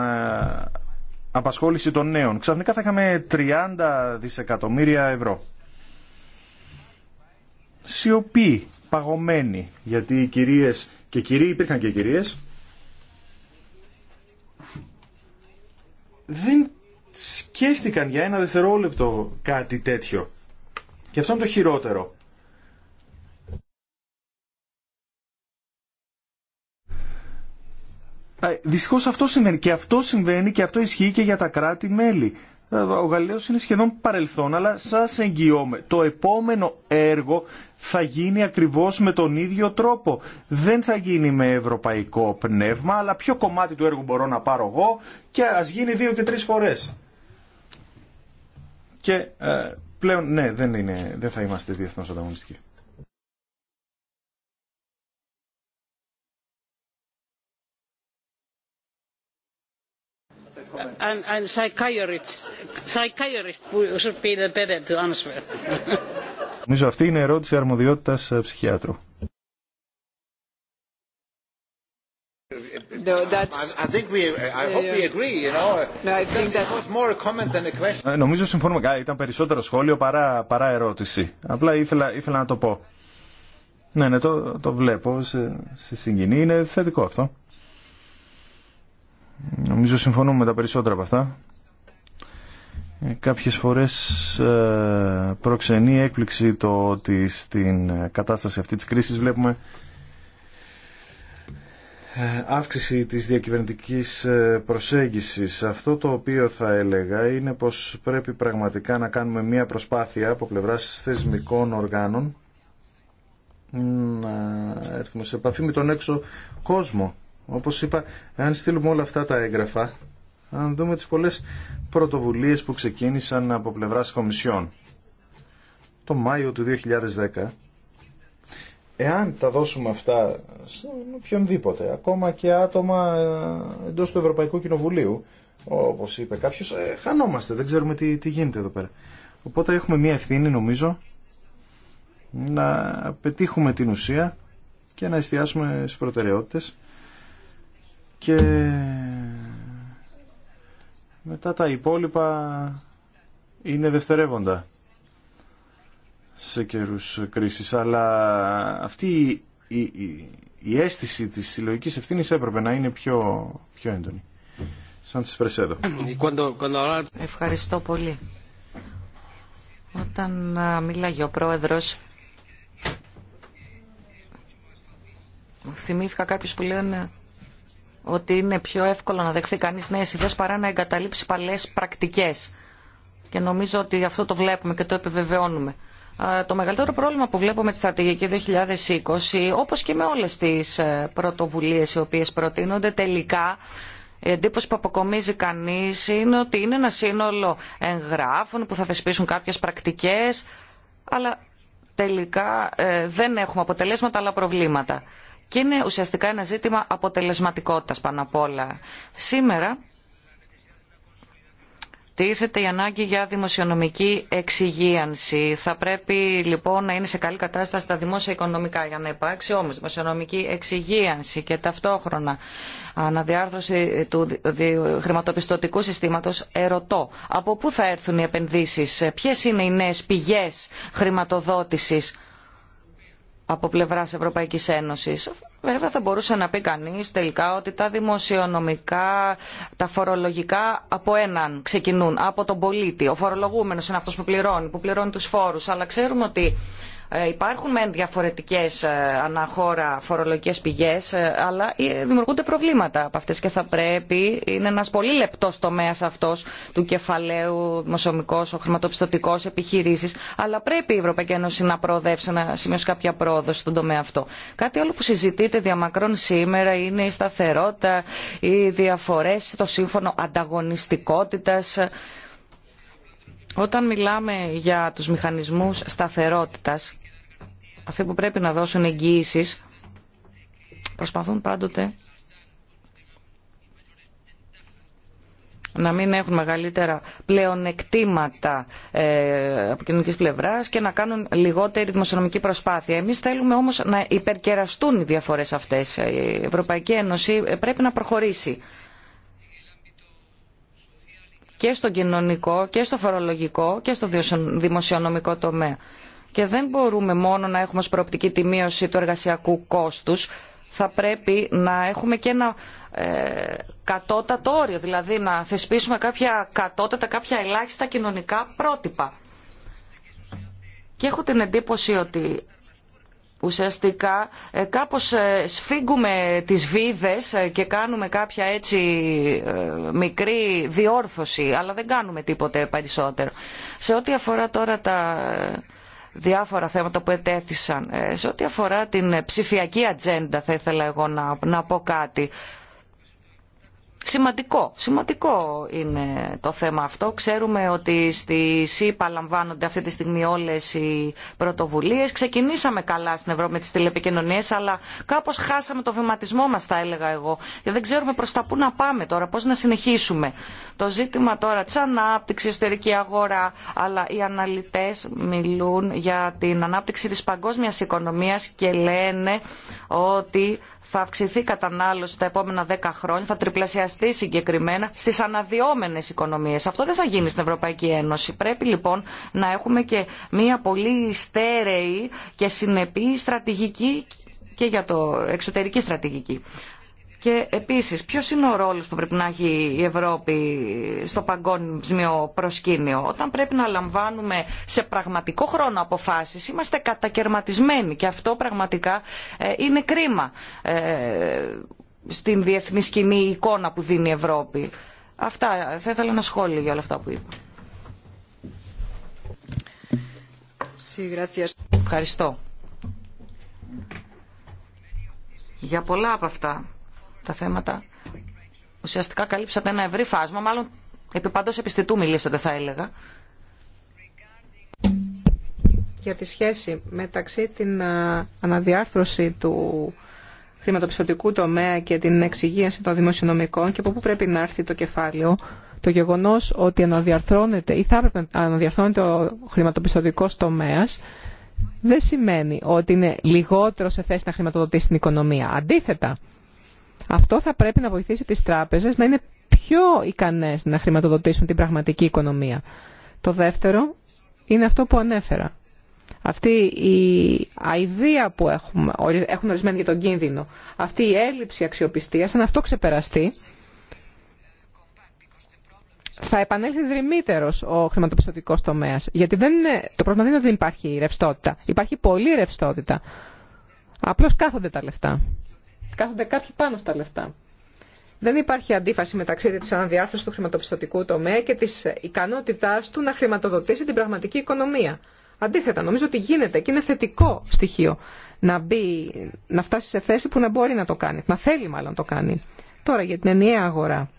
Απασχόληση των Νέων. Ξαφνικά θα είχαμε 30 δισεκατομμύρια ευρώ. Σιωπή παγωμένη, γιατί οι κυρίες και κυρίοι, υπήρχαν και κυρίες, δεν σκέφτηκαν για ένα δευτερόλεπτο κάτι τέτοιο. Και αυτό είναι το χειρότερο. Δυστυχώ αυτό συμβαίνει και αυτό συμβαίνει και αυτό ισχύει και για τα κράτη-μέλη. Ε, ο Γαλλίος είναι σχεδόν παρελθόν, αλλά σας εγγυώμαι, το επόμενο έργο θα γίνει ακριβώς με τον ίδιο τρόπο. Δεν θα γίνει με ευρωπαϊκό πνεύμα, αλλά ποιο κομμάτι του έργου μπορώ να πάρω εγώ και α γίνει δύο και τρει φορές. Και ε, πλέον, ναι, δεν, είναι, δεν θα είμαστε διεθνώ ανταγωνιστικοί. Νομίζω αυτή είναι ερώτηση αρμοδιότητας ψυχιάτρου. Νομίζω συμφωνούμε. Ήταν περισσότερο σχόλιο παρά, παρά ερώτηση. Απλά ήθελα, ήθελα να το πω. Ναι, ναι, το, το βλέπω σε, Είναι θετικό αυτό. Νομίζω συμφωνούμε με τα περισσότερα από αυτά. Ε, κάποιες φορές ε, προξενεί έκπληξη το ότι στην ε, κατάσταση αυτή της κρίσης βλέπουμε αύξηση της διακυβερνητικής προσέγγισης. Αυτό το οποίο θα έλεγα είναι πως πρέπει πραγματικά να κάνουμε μια προσπάθεια από πλευράς θεσμικών οργάνων να έρθουμε σε επαφή με τον έξω κόσμο όπως είπα, αν στείλουμε όλα αυτά τα έγγραφα, αν δούμε τις πολλές πρωτοβουλίες που ξεκίνησαν από πλευράς Κομισιόν το Μάιο του 2010, εάν τα δώσουμε αυτά σε οποιονδήποτε, ακόμα και άτομα ε, εντός του Ευρωπαϊκού Κοινοβουλίου, όπως είπε κάποιος, ε, χανόμαστε, δεν ξέρουμε τι, τι γίνεται εδώ πέρα. Οπότε έχουμε μία ευθύνη, νομίζω, να πετύχουμε την ουσία και να εστιάσουμε στις προτεραιότητες και μετά τα υπόλοιπα είναι δευτερεύοντα σε καιρούς κρίσης. Αλλά αυτή η, η, αίσθηση της συλλογική ευθύνη έπρεπε να είναι πιο, πιο έντονη. Σαν τις Πρεσέδο. Ευχαριστώ πολύ. Όταν μίλαγε ο πρόεδρος θυμήθηκα κάποιους που λένε ότι είναι πιο εύκολο να δεχθεί κανεί νέε ιδέες παρά να εγκαταλείψει παλές πρακτικέ. Και νομίζω ότι αυτό το βλέπουμε και το επιβεβαιώνουμε. Το μεγαλύτερο πρόβλημα που βλέπω με τη στρατηγική 2020, όπως και με όλες τις ε, πρωτοβουλίες οι οποίες προτείνονται τελικά, η εντύπωση που αποκομίζει κανείς είναι ότι είναι ένα σύνολο εγγράφων που θα θεσπίσουν κάποιες πρακτικές, αλλά τελικά ε, δεν έχουμε αποτελέσματα αλλά προβλήματα και είναι ουσιαστικά ένα ζήτημα αποτελεσματικότητας πάνω απ' όλα. Σήμερα τίθεται η ανάγκη για δημοσιονομική εξυγίανση. Θα πρέπει λοιπόν να είναι σε καλή κατάσταση τα δημόσια οικονομικά για να υπάρξει όμως δημοσιονομική εξυγίανση και ταυτόχρονα αναδιάρθρωση του χρηματοπιστωτικού συστήματος. Ερωτώ, από πού θα έρθουν οι επενδύσεις, ποιες είναι οι νέες πηγές χρηματοδότησης από πλευρά Ευρωπαϊκής Ένωσης. Βέβαια θα μπορούσε να πει κανεί τελικά ότι τα δημοσιονομικά, τα φορολογικά από έναν ξεκινούν, από τον πολίτη. Ο φορολογούμενος είναι αυτό που πληρώνει, που πληρώνει του φόρου, Αλλά ξέρουμε ότι ε, υπάρχουν μεν διαφορετικές ε, αναχώρα φορολογικές πηγές, ε, αλλά δημιουργούνται προβλήματα από αυτές και θα πρέπει, είναι ένας πολύ λεπτό τομέας αυτός του κεφαλαίου, δημοσιομικός, ο χρηματοπιστωτικός, επιχειρήσεις, αλλά πρέπει η Ευρωπαϊκή Ένωση να προοδεύσει, να σημειώσει κάποια πρόοδο στον τομέα αυτό. Κάτι άλλο που συζητείται διαμακρών σήμερα είναι η σταθερότητα, οι διαφορές, το σύμφωνο ανταγωνιστικότητας. Όταν μιλάμε για τους μηχανισμούς σταθερότητας, αυτοί που πρέπει να δώσουν εγγύησεις, προσπαθούν πάντοτε να μην έχουν μεγαλύτερα πλεονεκτήματα ε, από κοινωνική πλευρά και να κάνουν λιγότερη δημοσιονομική προσπάθεια. Εμεί θέλουμε όμω να υπερκεραστούν οι διαφορέ αυτέ. Η Ευρωπαϊκή Ένωση πρέπει να προχωρήσει και στο κοινωνικό και στο φορολογικό και στο δημοσιονομικό τομέα. Και δεν μπορούμε μόνο να έχουμε ως προοπτική τη μείωση του εργασιακού κόστους, θα πρέπει να έχουμε και ένα ε, κατώτατο όριο, δηλαδή να θεσπίσουμε κάποια κατώτατα, κάποια ελάχιστα κοινωνικά πρότυπα. Και έχω την εντύπωση ότι ουσιαστικά ε, κάπως ε, σφίγγουμε τις βίδες ε, και κάνουμε κάποια έτσι μικρή διόρθωση, αλλά δεν κάνουμε τίποτε περισσότερο. Σε ό,τι αφορά τώρα τα διάφορα θέματα που ετέθησαν, σε ό,τι αφορά την ψηφιακή ατζέντα θα ήθελα εγώ να, να πω κάτι. Σημαντικό, σημαντικό είναι το θέμα αυτό. Ξέρουμε ότι στη ΣΥΠΑ λαμβάνονται αυτή τη στιγμή όλες οι πρωτοβουλίες. Ξεκινήσαμε καλά στην Ευρώπη με τις τηλεπικοινωνίες, αλλά κάπως χάσαμε το βηματισμό μας, θα έλεγα εγώ. Δεν ξέρουμε προς τα πού να πάμε τώρα, πώς να συνεχίσουμε. Το ζήτημα τώρα της ανάπτυξης, εσωτερική αγορά, αλλά οι αναλυτές μιλούν για την ανάπτυξη της παγκόσμιας οικονομίας και λένε ότι θα αυξηθεί η κατανάλωση τα επόμενα δέκα χρόνια, θα τριπλασιαστεί συγκεκριμένα στι αναδυόμενε οικονομίε. Αυτό δεν θα γίνει στην Ευρωπαϊκή Ένωση. Πρέπει λοιπόν να έχουμε και μια πολύ στέρεη και συνεπή στρατηγική και για το εξωτερική στρατηγική. Και επίσης, ποιος είναι ο ρόλος που πρέπει να έχει η Ευρώπη στο παγκόσμιο προσκήνιο. Όταν πρέπει να λαμβάνουμε σε πραγματικό χρόνο αποφάσεις, είμαστε κατακαιρματισμένοι και αυτό πραγματικά ε, είναι κρίμα ε, στην διεθνή σκηνή εικόνα που δίνει η Ευρώπη. Αυτά, θα ήθελα ένα σχόλιο για όλα αυτά που είπα. Ευχαριστώ. Για πολλά από αυτά τα θέματα. Ουσιαστικά καλύψατε ένα ευρύ φάσμα, μάλλον επί παντός επιστητού μιλήσατε θα έλεγα. Για τη σχέση μεταξύ την αναδιάρθρωση του χρηματοπιστωτικού τομέα και την εξυγίαση των δημοσιονομικών και από πού πρέπει να έρθει το κεφάλαιο, το γεγονός ότι αναδιαρθρώνεται ή θα έπρεπε να αναδιαρθρώνεται ο χρηματοπιστωτικός τομέας δεν σημαίνει ότι είναι λιγότερο σε θέση να χρηματοδοτήσει την οικονομία. Αντίθετα, αυτό θα πρέπει να βοηθήσει τις τράπεζες να είναι πιο ικανές να χρηματοδοτήσουν την πραγματική οικονομία. Το δεύτερο είναι αυτό που ανέφερα. Αυτή η αηδία που έχουμε, έχουν ορισμένοι για τον κίνδυνο, αυτή η έλλειψη αξιοπιστίας, αν αυτό ξεπεραστεί, θα επανέλθει δρυμύτερο ο χρηματοπιστωτικό τομέα. Γιατί δεν το πρόβλημα δεν είναι ότι δεν υπάρχει ρευστότητα. Υπάρχει πολλή ρευστότητα. Απλώ κάθονται τα λεφτά κάθονται κάποιοι πάνω στα λεφτά. Δεν υπάρχει αντίφαση μεταξύ τη αναδιάρθρωση του χρηματοπιστωτικού τομέα και τη ικανότητά του να χρηματοδοτήσει την πραγματική οικονομία. Αντίθετα, νομίζω ότι γίνεται και είναι θετικό στοιχείο να, μπει, να φτάσει σε θέση που να μπορεί να το κάνει, να θέλει μάλλον να το κάνει. Τώρα για την ενιαία αγορά.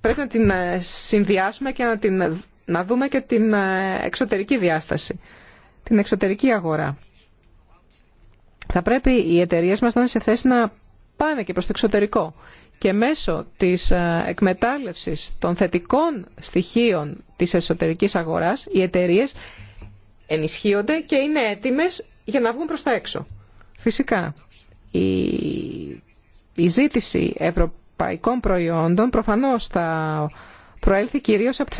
Πρέπει να την ε, συνδυάσουμε και την, να δούμε και την ε, εξωτερική διάσταση, την εξωτερική αγορά. Θα πρέπει οι εταιρείε μας να είναι σε θέση να πάνε και προς το εξωτερικό και μέσω της ε, εκμετάλλευσης των θετικών στοιχείων της εσωτερικής αγοράς οι εταιρείε ενισχύονται και είναι έτοιμες για να βγουν προς τα έξω. Φυσικά, η, η ζήτηση ευρωπαϊκών προϊόντων προφανώς θα προέλθει κυρίως από τις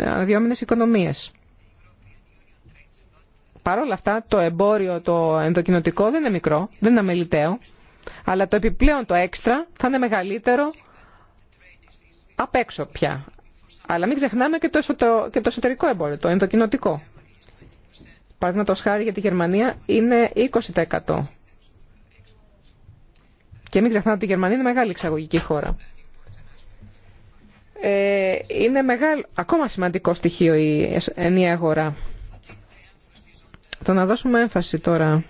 αναδυόμενες οικονομίες. Παρ' όλα αυτά το εμπόριο το ενδοκινοτικό δεν είναι μικρό, δεν είναι αμεληταίο, αλλά το επιπλέον το έξτρα θα είναι μεγαλύτερο απ' έξω πια. Αλλά μην ξεχνάμε και το, εσωτερικό, και το εσωτερικό εμπόριο, το ενδοκινοτικό. Παραδείγματο χάρη για τη Γερμανία είναι 20%. Και μην ξεχνάμε ότι η Γερμανία είναι μεγάλη εξαγωγική χώρα. Ε, είναι ακόμα σημαντικό στοιχείο η ενιαία αγορά. Το να δώσουμε έμφαση τώρα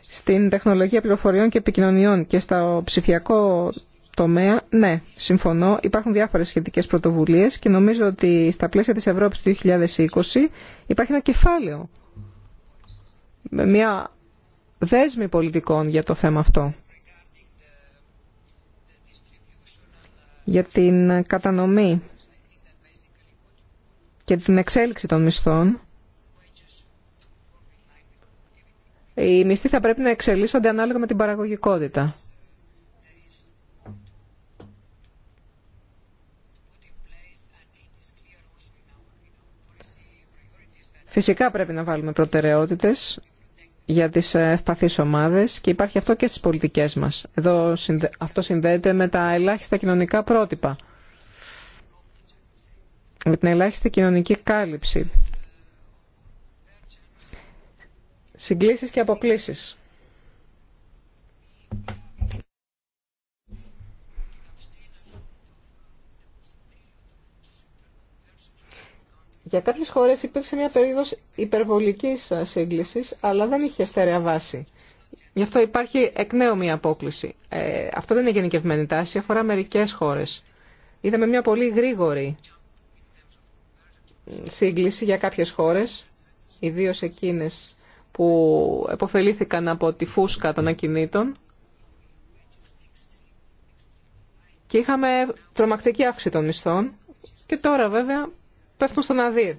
στην τεχνολογία πληροφοριών και επικοινωνιών και στο ψηφιακό τομέα, ναι, συμφωνώ. Υπάρχουν διάφορε σχετικέ πρωτοβουλίε και νομίζω ότι στα πλαίσια τη Ευρώπη του 2020 υπάρχει ένα κεφάλαιο με μια δέσμη πολιτικών για το θέμα αυτό. Για την κατανομή και την εξέλιξη των μισθών, Οι μισθοί θα πρέπει να εξελίσσονται ανάλογα με την παραγωγικότητα. Φυσικά πρέπει να βάλουμε προτεραιότητες για τις ευπαθείς ομάδες και υπάρχει αυτό και στις πολιτικές μας. Εδώ αυτό συνδέεται με τα ελάχιστα κοινωνικά πρότυπα, με την ελάχιστη κοινωνική κάλυψη Συγκλήσεις και αποκλήσεις. Για κάποιες χώρες υπήρξε μια περίοδος υπερβολικής σύγκλησης, αλλά δεν είχε στερεά βάση. Γι' αυτό υπάρχει εκ νέου μια απόκληση. Ε, αυτό δεν είναι γενικευμένη τάση, αφορά μερικές χώρες. Είδαμε μια πολύ γρήγορη σύγκληση για κάποιες χώρες, ιδίως εκείνες που επωφελήθηκαν από τη φούσκα των ακινήτων και είχαμε τρομακτική αύξηση των μισθών και τώρα βέβαια πέφτουν στον αδύρ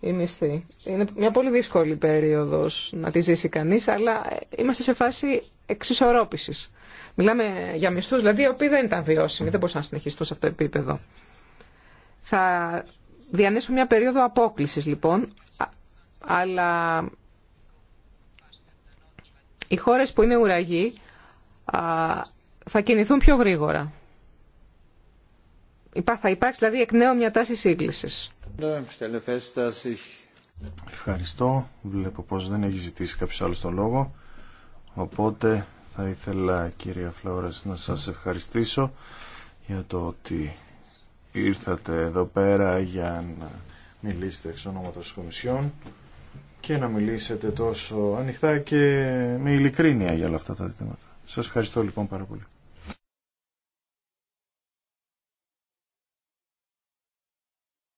οι μισθοί. Είναι μια πολύ δύσκολη περίοδος να τη ζήσει κανείς, αλλά είμαστε σε φάση εξισορρόπησης. Μιλάμε για μισθούς, δηλαδή οι οποίοι δεν ήταν βιώσιμοι, δεν μπορούσαν να συνεχιστούν σε αυτό το επίπεδο. Θα διανύσουμε μια περίοδο απόκλησης λοιπόν, αλλά οι χώρες που είναι ουραγοί θα κινηθούν πιο γρήγορα. Θα υπάρξει δηλαδή εκ νέου μια τάση σύγκλησης. Ευχαριστώ. Βλέπω πως δεν έχει ζητήσει κάποιος άλλος τον λόγο. Οπότε θα ήθελα κυρία Φλαούρας να σας ευχαριστήσω για το ότι ήρθατε εδώ πέρα για να μιλήσετε εξ ονόματος της Κομισιόν και να μιλήσετε τόσο ανοιχτά και με ειλικρίνεια για όλα αυτά τα ζητήματα. Σας ευχαριστώ λοιπόν πάρα πολύ.